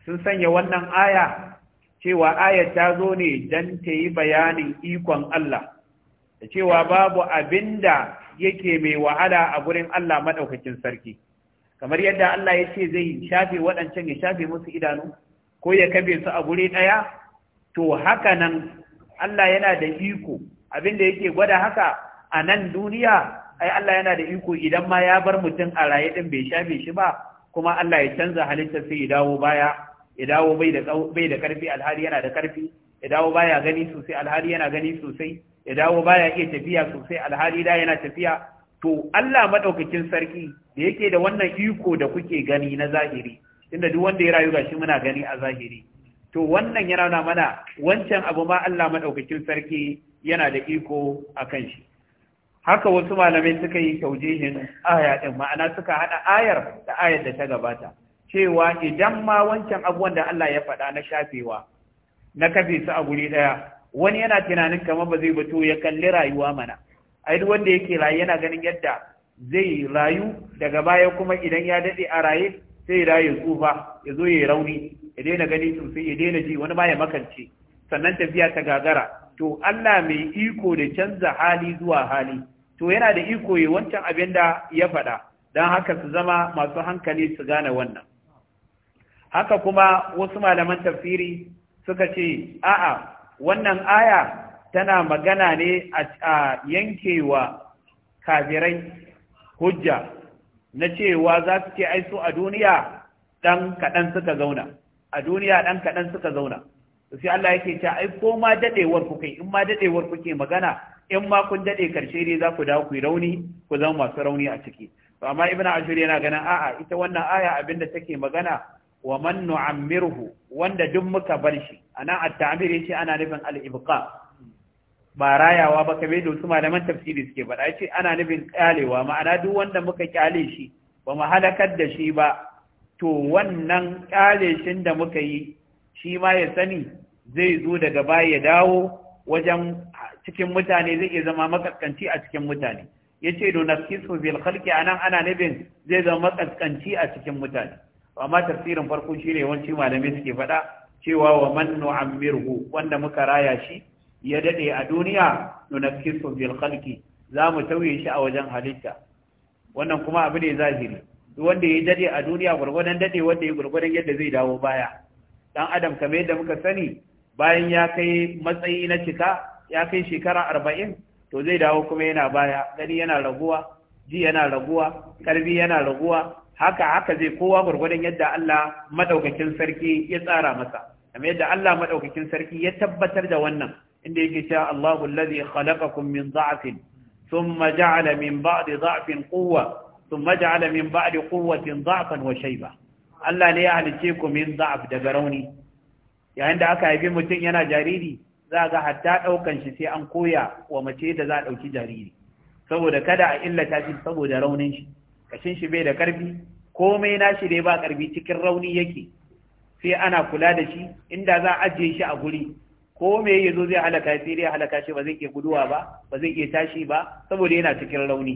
sun sanya wannan aya cewa ayar ta zo ne don ta yi bayanin ikon Allah da cewa babu abinda yake mai wahala a gurin Allah maɗaukakin sarki kamar yadda Allah ya ce zai shafe waɗancan ya shafe musu idanu ko ya kabe su a guri ɗaya to haka nan Allah yana da iko abinda yake gwada haka a nan duniya ai Allah yana da iko idan ma ya bar mutum a raye din bai shafe shi ba kuma Allah ya canza halitta sai ya dawo baya ya dawo bai da karfi alhali yana da karfi ya dawo baya gani sosai alhali yana gani sosai ya dawo baya iya tafiya sosai alhali da yana tafiya to Allah madaukakin sarki da yake da wannan iko da kuke gani na zahiri inda duk wanda ya rayu gashi muna gani a zahiri to wannan yana nuna mana wancan abu ma Allah madaukakin sarki yana da iko akan shi haka wasu malamai suka yi taujihin aya ma'ana suka hada ayar da ayar da ta gabata cewa idan ma wancan abubuwan da Allah ya faɗa na shafewa na kafe su a guri ɗaya wani yana tunanin kamar ba zai bato ya kalli rayuwa mana ai duk wanda yake rayu yana ganin yadda zai rayu daga baya kuma idan ya daɗe a raye sai ya rayu tsufa ya zo ya rauni ya daina gani sosai ya daina ji wani ma ya makance sannan tafiya ta gagara to Allah mai iko da canza hali zuwa hali to yana da iko ya wancan abin da ya faɗa don haka su zama masu hankali su gane wannan haka kuma wasu malaman tafsiri suka ce a'a wannan aya tana magana ne a yankewa kafirai hujja na cewa za su ce aisu a duniya ɗan kaɗan suka zauna a duniya ɗan kaɗan suka zauna sai Allah yake ce ai ko ma dadewar kuke in ma dadewar kuke magana in ma kun dade karshe ne za ku dawo ku rauni ku zama masu rauni a ciki to amma ibnu ashur yana ganin a'a ita wannan aya abinda take magana wa man nu'ammirhu wanda duk muka bar shi anan at-ta'mir yace ana nufin al-ibqa ba rayawa ba kabe da su malaman tafsiri suke ba yace ana nufin kyalewa ma'ana duk wanda muka kyale shi ba mu halakar da shi ba to wannan kyale shin da muka yi shi ma ya sani zai zo daga baya ya dawo wajen cikin mutane zai iya zama makaskanci a cikin mutane yace do nafsisu bil khalqi anan ana nufin zai zama makaskanci a cikin mutane amma tafsirin farko shine yawanci malamai suke faɗa cewa wa man nu'ammirhu wanda muka raya shi ya dade a duniya nunakkisu bil khalqi za mu tauye shi a wajen halitta wannan kuma abu ne zahiri duk wanda ya dade a duniya gurgurdan dade wanda ya gurgurdan yadda zai dawo baya dan adam kamar yadda muka sani bayan ya kai matsayi na cika ya kai shekara arba'in to zai dawo kuma yana baya gani yana raguwa ji yana raguwa karbi yana raguwa haka haka zai kowa gwargwadon yadda Allah maɗaukakin sarki ya tsara masa amma yadda Allah maɗaukakin sarki ya tabbatar da wannan inda yake cewa Allahu lazi khalaqakum min dha'fin thumma ba'a min ba'di dha'fin quwwa thumma ja'ala min ba'di quwwatin dha'fan wa shayba Allah ne ya halice ku min daga rauni yayin da aka haifi mutum yana jariri za ga hatta ɗaukan shi sai an koya wa mace da za a ɗauki jariri saboda kada a illata shi saboda raunin shi kashin shi bai da karfi komai na shi dai ba karfi cikin rauni yake sai ana kula da shi inda za a ajiye shi a guri ko me zo zai halaka sai dai halaka shi ba zai ke guduwa ba ba zai ke tashi ba saboda yana cikin rauni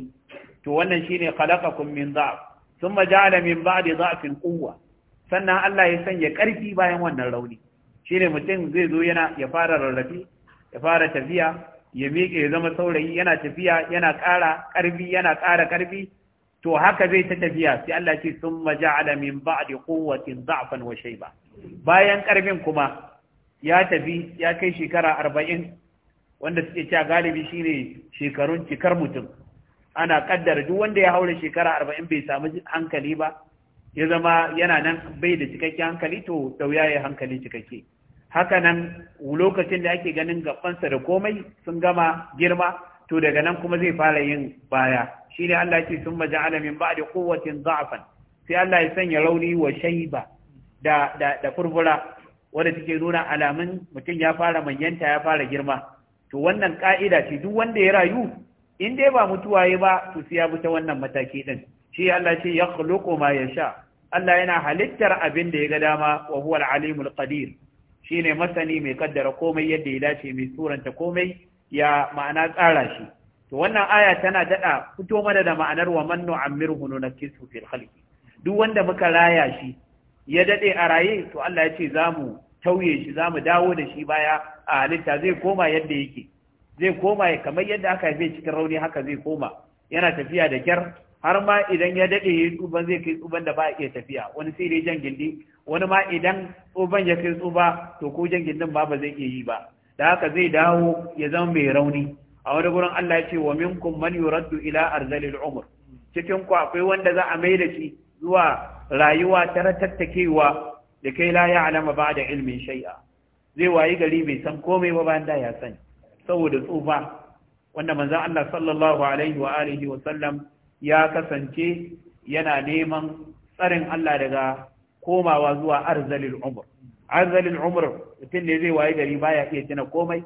to wannan shine khalaqakum min dha'f thumma ja'ala min ba'di dha'fin quwwa sannan Allah ya sanya karfi bayan wannan rauni shine mutum zai zo yana ya fara rarrafi ya fara tafiya ya miƙe ya zama saurayi yana tafiya yana ƙara ƙarfi yana ƙara ƙarfi to haka zai ta tafiya sai Allah ce sun maja'ala min ba'di quwwatin da'fan wa shayba bayan karfin kuma ya tafi ya kai shekara 40 wanda suke cewa galibi shine shekarun cikar mutum ana kaddara duk wanda ya haura shekara arba'in bai samu hankali ba ya zama yana nan bai da cikakken hankali to dauya ya hankali cikakke haka nan lokacin da ake ganin gabansa da komai sun gama girma to daga nan kuma zai fara yin baya shine Allah yake sun ja'ala min ba'di quwwatin za'afan sai Allah ya sanya rauni wa Shaiba da da furfura wanda take nuna alamun mutum ya fara manyanta ya fara girma to wannan ka'ida ce duk wanda ya rayu in dai ba mutuwa ya ba to sai ya bi ta wannan mataki din shi Allah ce ya khluqu ma yasha Allah yana halittar abin da ya ga dama wa huwa al-alimul qadir shine masani mai kaddara komai yadda ya dace mai suranta komai ya ma'ana tsara shi to wannan aya tana daɗa fito mana da ma'anar wa man nu'ammirhu nunakkisu fil khalqi duk wanda muka raya shi ya dade a raye to Allah ya ce zamu tauye shi zamu dawo da shi baya a halitta zai koma yadda yake zai koma kamar yadda aka haife cikin rauni haka zai koma yana tafiya da kyar har ma idan ya dade ya tsuban zai kai tsuban da ba a iya tafiya wani sai dai jan gindi wani ma idan tsuban ya kai tsuba to ko jan gindin ba ba zai iya yi ba da haka zai dawo ya zama mai rauni a wani gurin Allah ya ce wa minkum man yuraddu ila arzalil umr cikin ku akwai wanda za a mai da shi zuwa rayuwa ta ratattakewa da kai la ya'lama ba'da ilmin shay'a zai wayi gari bai san komai ba bayan da ya sani saboda tsufa wanda manzon Allah sallallahu alaihi wa alihi wa sallam ya kasance yana neman tsarin Allah daga komawa zuwa arzalil umr arzalil umr mutum ne zai wayi gari baya iya tuna komai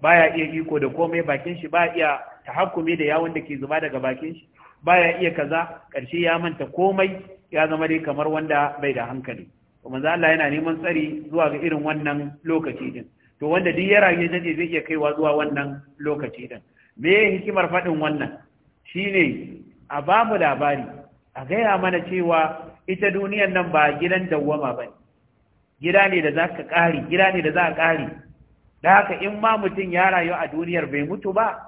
baya iya iko da komai bakin shi ba iya tahakkumi da yawon da ke zuba daga bakin shi baya iya kaza karshe ya manta komai ya zama dai kamar wanda bai da hankali to manzo Allah yana neman tsari zuwa ga irin wannan lokaci din to wanda duk ya rage zai zai iya kaiwa zuwa wannan lokaci din me hikimar faɗin wannan shine a ba mu labari a gaya mana cewa ita duniyar nan ba gidan dawwama ba gida ne da za ka gida ne da za a ƙari da haka in ma mutum ya rayu a duniyar bai mutu ba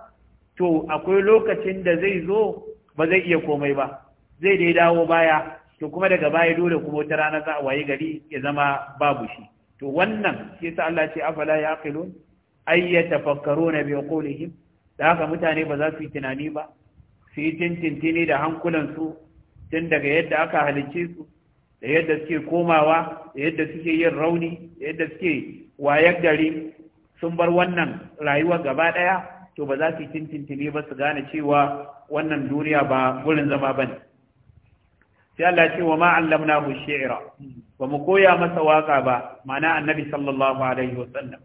to akwai lokacin da zai zo ba zai iya komai ba zai dai dawo baya to kuma daga baya dole kuma wata rana za a waye gari ya zama babu shi to wannan shi yasa Allah ce afala yaqilun ay yatafakkaruna bi qawlihim da haka mutane ba za su yi tunani ba su yi tintintini da su tun daga yadda aka halicce su da yadda suke komawa da yadda suke yin rauni da yadda suke wayar gari sun bar wannan rayuwa gaba ɗaya to ba za su yi tintintini ba su gane cewa wannan duniya ba gurin zama ba ne sai Allah ce wa na mu shi'ira ba mu koya masa waka ba mana annabi sallallahu alaihi wasallam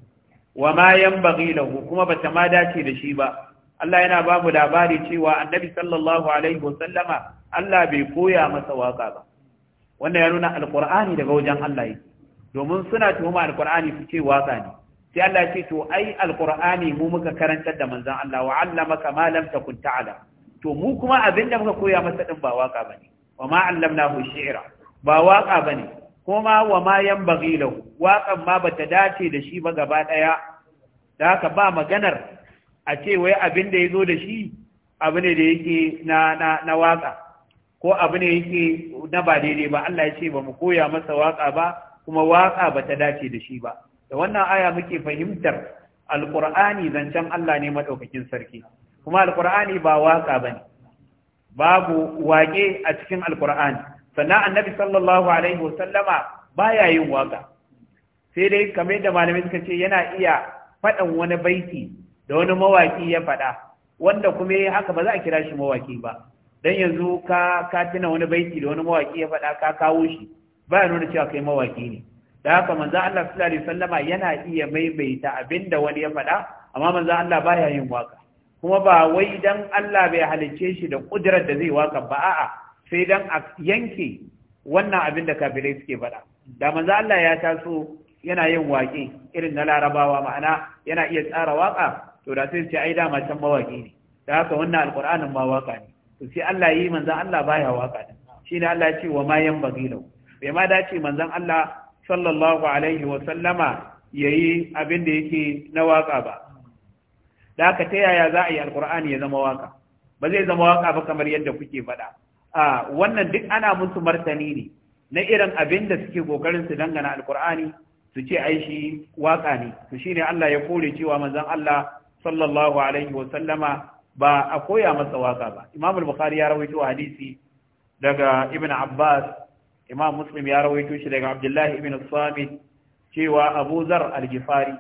wa ma yan yanbaghi lahu kuma ba ta ma dace da shi ba Allah yana ba mu labari cewa annabi sallallahu alaihi wasallama Allah bai koya masa waka ba wannan ya nuna Alƙur'ani daga wajen Allah yake domin suna tuhuma Alƙur'ani, su ce waka ne sai Allah ya ce to ai alqur'ani mu muka karantar da manzon Allah wa 'allamaka ma lam takun ta'lam to mu kuma abin da muka koya masa din ba waka bane wa ma 'allamnahu shi'ra ba waka bane kuma wa ma yanbaghi lahu waƙan ma bata dace da shi ba gaba daya da haka ba maganar a ce wai abin da zo da shi abu ne da yake na na na waka ko abu ne yake na ba daidai ba Allah ya ce ba mu koya masa waka ba kuma waka bata dace da shi ba da wannan aya muke fahimtar alqur'ani zancen Allah ne madaukakin sarki kuma alqur'ani ba waka bane babu waƙe a cikin alqur'ani sannan annabi sallallahu alaihi wasallama baya yin waka sai dai kamar da malamai suka ce yana iya faɗan wani baiti da wani mawaki ya faɗa wanda kuma haka ba za a kira shi mawaki ba dan yanzu ka ka tuna wani baiti da wani mawaki ya faɗa ka kawo shi ba ya nuna cewa kai mawaki ne da haka manzo Allah sallallahu alaihi wasallama yana iya maimaita abinda wani ya faɗa amma manzo Allah baya yin waka kuma ba wai dan Allah bai halicce shi da kudirar da zai waka ba a'a sai dan a yanke wannan abin da kafirai suke faɗa da manzo Allah ya taso yana yin waƙe irin na larabawa ma'ana yana iya tsara waka to da sai ce ai dama can mawaƙi ne da haka wannan alƙur'anin ma waka ne to sai Allah yi manzo Allah baya waka Shi shine Allah ya ce wa ma yan bagilau bai ma dace manzon Allah sallallahu alaihi wa sallama yayi abin da yake na waka ba da aka ta yaya za a yi alkur'ani ya zama waka ba zai zama waka ba kamar yadda kuke faɗa a wannan duk ana musu martani ne na irin abin da suke kokarin su dangana alkur'ani su ce ai shi waka ne shi shine Allah ya kore cewa manzan Allah sallallahu alaihi wa sallama ba a koya masa waka ba Imam bukhari ya rawaito hadisi daga Ibn Abbas imam muslim ya rawaito shi daga abdullahi ibn samit cewa abu zar al-gifari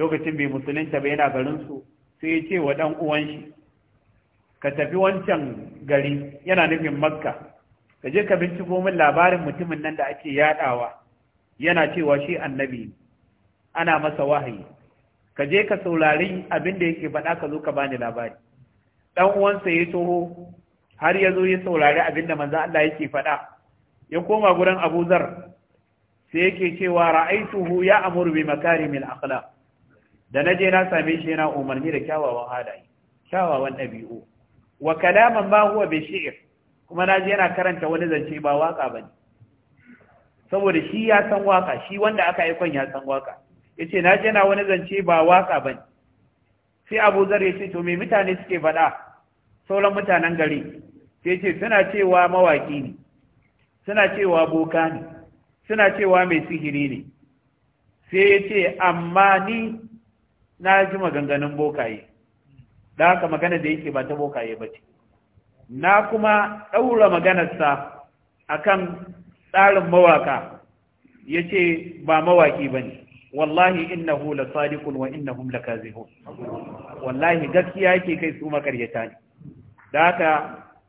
lokacin bai musulunta ba yana garinsu sai ya ce wa ɗan uwan shi ka tafi wancan gari yana nufin makka ka je ka binciko min labarin mutumin nan da ake yadawa yana cewa shi annabi ana masa wahayi ka je ka saurari abin da yake faɗa ka zo ka bani labari ɗan uwansa ya toho har ya zo ya saurari abin da manzo Allah yake faɗa ya koma gurin Abu Zar sai yake cewa ra'aituhu ya amuru bi makarimil akhlaq da naje na same shi yana umarni da kyawawan hadayi kyawawan dabi'u wa kalaman ma huwa bi shi'r kuma naje yana karanta wani zance ba waka bane saboda shi ya san waka shi wanda aka aikon ya san waka yace naje yana wani zance ba waka bane sai Abu Zar yace to me mutane suke faɗa sauran mutanen gari sai yace suna cewa mawaki ne suna cewa boka ne suna cewa mai sihiri ne sai ya ce amma ni na ji maganganun bokaye da haka magana da yake ba ta bokaye ba ce na kuma ɗaura maganarsa a kan tsarin mawaka ya ce ba mawaki ba ne wallahi innahu la sadikun wa innahum lakazihun wallahi gaskiya yake kai su makaryata ne da haka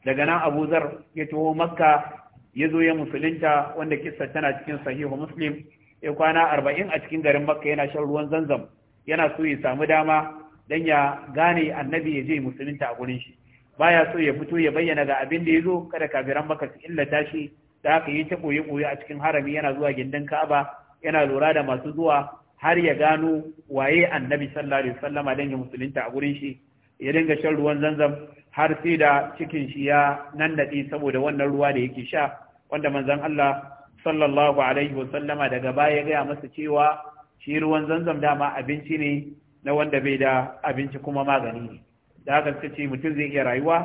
daga nan abuzar ya taho makka ya zo ya musulunta wanda kissa tana cikin sahihu muslim ya kwana arba'in a cikin garin makka yana shan ruwan zanzam yana so ya samu dama don ya gane annabi ya je musulunta a gurin shi baya so ya fito ya bayyana ga abin da ya zo kada kafiran makka su illata shi da haka yi ta koyi koyi a cikin harami yana zuwa gindin ka'aba yana lura da masu zuwa har ya gano waye annabi sallallahu alaihi wasallama don ya musulunta a gurin shi ya dinga shan ruwan zanzam har sai da cikin shi ya nannaɗe saboda wannan ruwa da yake sha wanda manzon Allah sallallahu alaihi wasallama daga baya gaya masa cewa shi ruwan zanzam dama abinci ne na wanda bai da abinci kuma magani ne da haka suka ce mutum zai iya rayuwa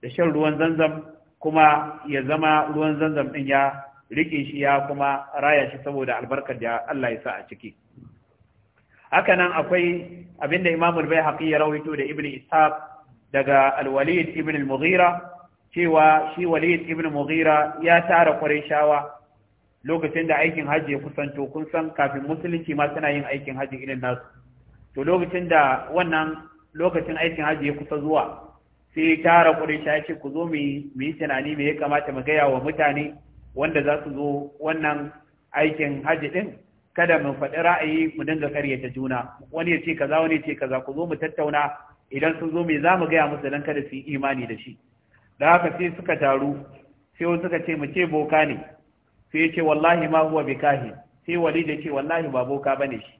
da shan ruwan zanzam kuma ya zama ruwan zanzam din ya rike shi ya kuma raya shi saboda albarkar da Allah ya sa a ciki haka nan akwai abinda imamul al ya rawaito da Ibn Ishaq daga Al-Walid ibn Al-Mughira cewa shi walid ibn mughira ya tara shawa lokacin da aikin hajji ya kusanto kun san kafin musulunci ma suna yin aikin hajji irin nasu to lokacin da wannan lokacin aikin hajji ya kusa zuwa sai tara ƙurisha ya ce ku zo mu yi tunani me ya kamata mu gaya wa mutane wanda za su zo wannan aikin hajji din kada mu faɗi ra'ayi mu dinga karyata juna wani ya ce kaza wani ya ce kaza ku zo mu tattauna idan sun zo me za mu gaya musu dan kada su yi imani da shi da haka sai suka taru sai wani suka ce mu ce boka ne sai ya ce wallahi ma huwa bikahi sai wali da ce wallahi ba boka bane shi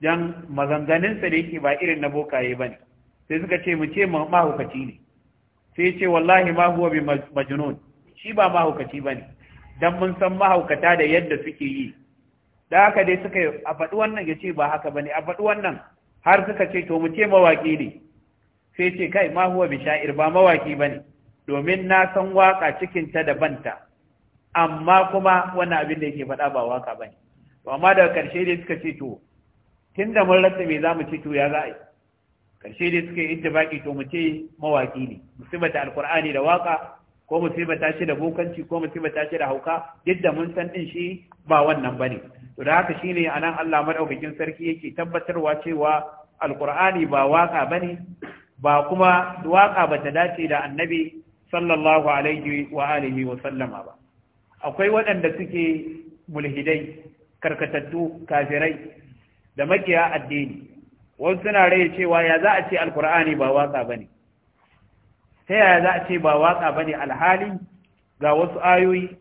dan maganganun sa da yake ba irin na bokaye bane sai suka ce mu ce mahukaci ne sai ya ce wallahi ma huwa bi majnun shi ba mahukaci bane dan mun san mahaukata da yadda suke yi da haka dai suka a faɗi wannan ya ce ba haka bane a faɗi wannan har suka ce to mu ce mawaki ne sai ce kai ma huwa bisha'ir ba mawaki bane domin na san waka cikin ta da banta amma kuma wannan abin da yake faɗa ba waka bane to amma daga karshe dai suka ce to tunda mun rasa me zamu ce to ya za a karshe dai suka yi baki to mu ce mawaki ne musibata alqur'ani da waka ko musibata shi da bokanci ko musibata shi da hauka duk da mun san din shi ba wannan bane to da haka shine anan Allah madaukakin sarki yake tabbatarwa cewa alqur'ani ba waka bane ba kuma waƙa ba ta dace da annabi sallallahu alaihi wa alihi wa sallama ba akwai waɗanda suke mulhidai karkatattu kafirai da makiya addini wasu suna rai cewa ya za a ce alkur'ani ba waka bane ta yaya za a ce ba waka bane alhali ga wasu ayoyi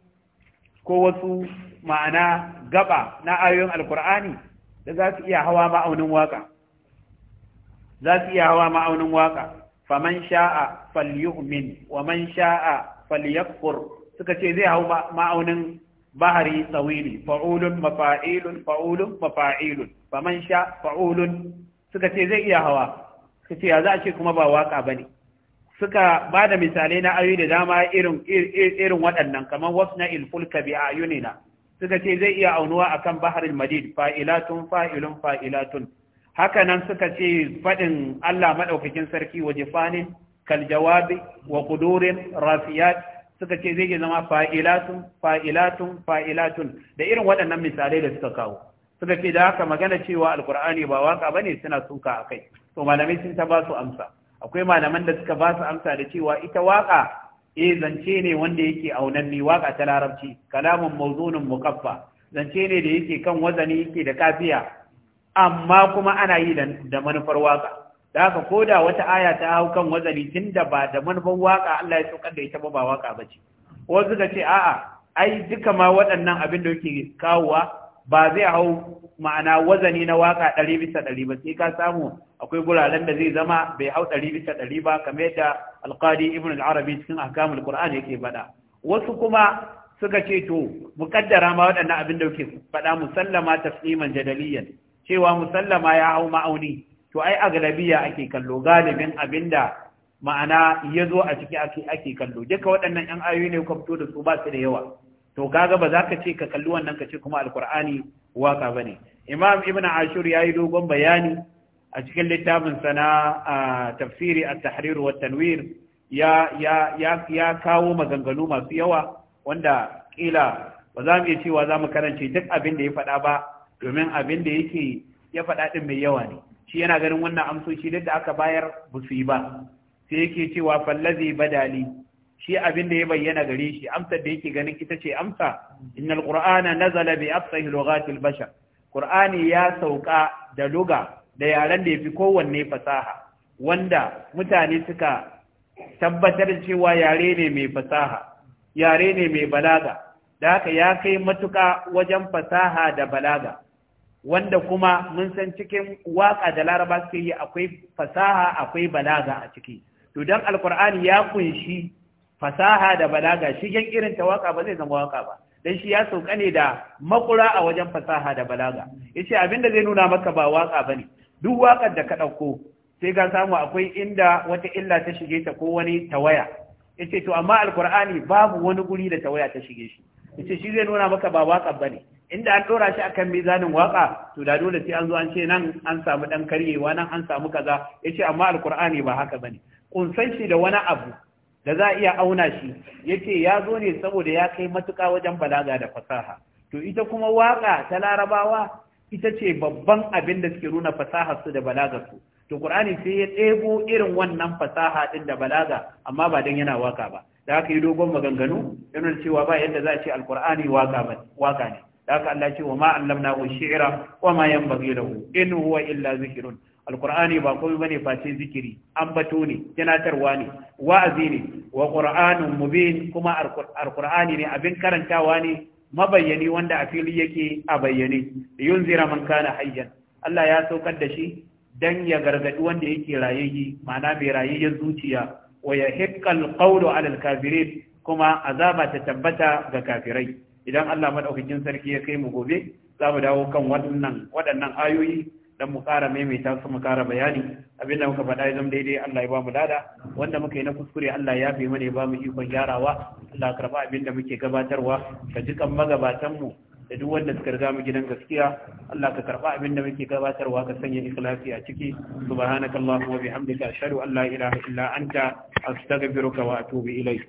ko wasu ma'ana gaba na ayoyin alkur'ani da za su iya hawa ma'aunin waka za su iya hawa ma'aunin waka faman sha'a falyu'min wa man sha'a falyakfur suka ce zai hau ma'aunin bahari tsawili fa'ulun mafa'ilun fa'ulun mafa'ilun faman sha fa'ulun suka ce zai iya hawa suka ce ya za a ce kuma ba waka bane suka ba da misalai na ayoyi da dama irin irin waɗannan kamar wasna ilfulka bi ayunina suka ce zai iya aunuwa akan baharil madid fa'ilatun fa'ilun fa'ilatun haka nan suka ce faɗin Allah maɗaukakin sarki wa jifanin kaljawabi wa kudurin rafiyat suka ce zai zama fa'ilatun fa'ilatun fa'ilatun da irin waɗannan misalai da suka kawo suka ce da haka magana cewa alkur'ani ba waka bane suna suka kai. to malamai sun ta ba su amsa akwai malaman da suka ba su amsa da cewa ita waka E, eh, zance ne wanda yake aunanni waka ta larabci kalamun mu mukaffa zance ne da yake kan wazani yake da kafiya amma kuma ana yi da manufar waka da haka ko da wata aya ta hau kan wazani tunda ba da manufar waka Allah ya saukar da ita ba ba waka ba ce wasu suka ce a'a ai duka ma waɗannan abin da yake kawowa ba zai hau ma'ana wazani na waka ɗari bisa ɗari ba sai ka samu akwai guraren da zai zama bai hau ɗari bisa ɗari ba kamar yadda alƙadi ibn al-arabi cikin ahkamul qur'an yake faɗa wasu kuma suka ce to muƙaddara ma waɗannan abin da yake faɗa musallama tasliman jadaliyan cewa musallama ya hau ma'auni to ai agalabiya ake kallo galibin abinda ma'ana ya zo a ciki ake ake kallo duka waɗannan yan ayoyi ne kuma fito da su ba su da yawa to kaga ba za ka ce ka kalli wannan ka ce kuma alkur'ani waka bane imam ibn ashur yayi dogon bayani a cikin littafin sana tafsiri at-tahrir wa tanwir ya ya ya ya kawo maganganu masu yawa wanda kila ba za mu iya cewa za mu karance duk abin da ya faɗa ba domin abin da yake ya faɗa ɗin mai yawa ne shi yana ganin wannan amsoshi duk da aka bayar ba su yi ba sai yake cewa fallazi badali shi abin da ya bayyana gare shi amsar da yake ganin ita ce amsa innal qur'ana nazala bi afsahi lughatil bashar qur'ani ya sauka da luga da yaren da yafi kowanne fasaha wanda mutane suka tabbatar cewa yare ne mai fasaha yare ne mai balaga da haka ya kai matuka wajen fasaha da balaga wanda kuma mun san cikin waƙa da laraba suke yi akwai fasaha akwai balaga a ciki to dan alqur'ani ya kunshi fasaha da balaga shi gen irin ta waka ba zai zama waka ba dan shi ya sauka ne da makura a wajen fasaha da balaga yace abinda zai nuna maka ba waka bane duk wakar da ka ɗauko sai ka samu akwai inda wata illa ta shige ta ko wani tawaya yace to amma alqur'ani babu wani guri da tawaya ta shige shi yace shi zai nuna maka ba waka bane inda an ɗora shi akan mizanin waka to da dole sai an zo an ce nan an samu ɗan karyewa nan an samu kaza ya ce amma alkur'ani ba haka bane kunsan shi da wani abu da za iya auna shi ya ce ya zo ne saboda ya kai matuka wajen balaga da fasaha to ita kuma waka ta larabawa ita ce babban abin da suke nuna fasaha su da balaga su to qur'ani sai ya ɗebo irin wannan fasaha din da balaga amma ba dan yana waka ba da haka yi dogon maganganu yana cewa ba yadda za a ce alqur'ani waka waka ne haka Allah ce wa ma allamna wa shi'ra wa ma yanbaghi lahu in huwa illa zikrun alqur'ani ba komai bane face zikiri ambato ne tunatarwa ne wa'azi ne wa qur'anun mubin kuma alqur'ani ne abin karantawa ne mabayyani wanda a fili yake a bayyane yunzira man kana hayyan Allah ya saukar da shi dan ya gargadi wanda yake rayayye ma'ana mai rayayyen zuciya wa yahiqqal qawlu 'ala al-kafirin kuma azaba ta tabbata ga kafirai idan Allah madaukakin sarki ya kai mu gobe za mu dawo kan waɗannan waɗannan ayoyi dan mu ƙara maimaita su mu ƙara bayani abinda muka faɗa ya daidai Allah ya ba mu dada wanda muka yi na kuskure Allah ya fi mana ya ba mu ikon gyarawa Allah karba abinda muke gabatarwa ka ji kan magabatan mu da duk wanda suka riga mu gidan gaskiya Allah ka karba abinda muke gabatarwa ka sanya ikhlasi a ciki subhanakallahumma wa bihamdika ashhadu an la ilaha illa anta astaghfiruka wa atubu ilayk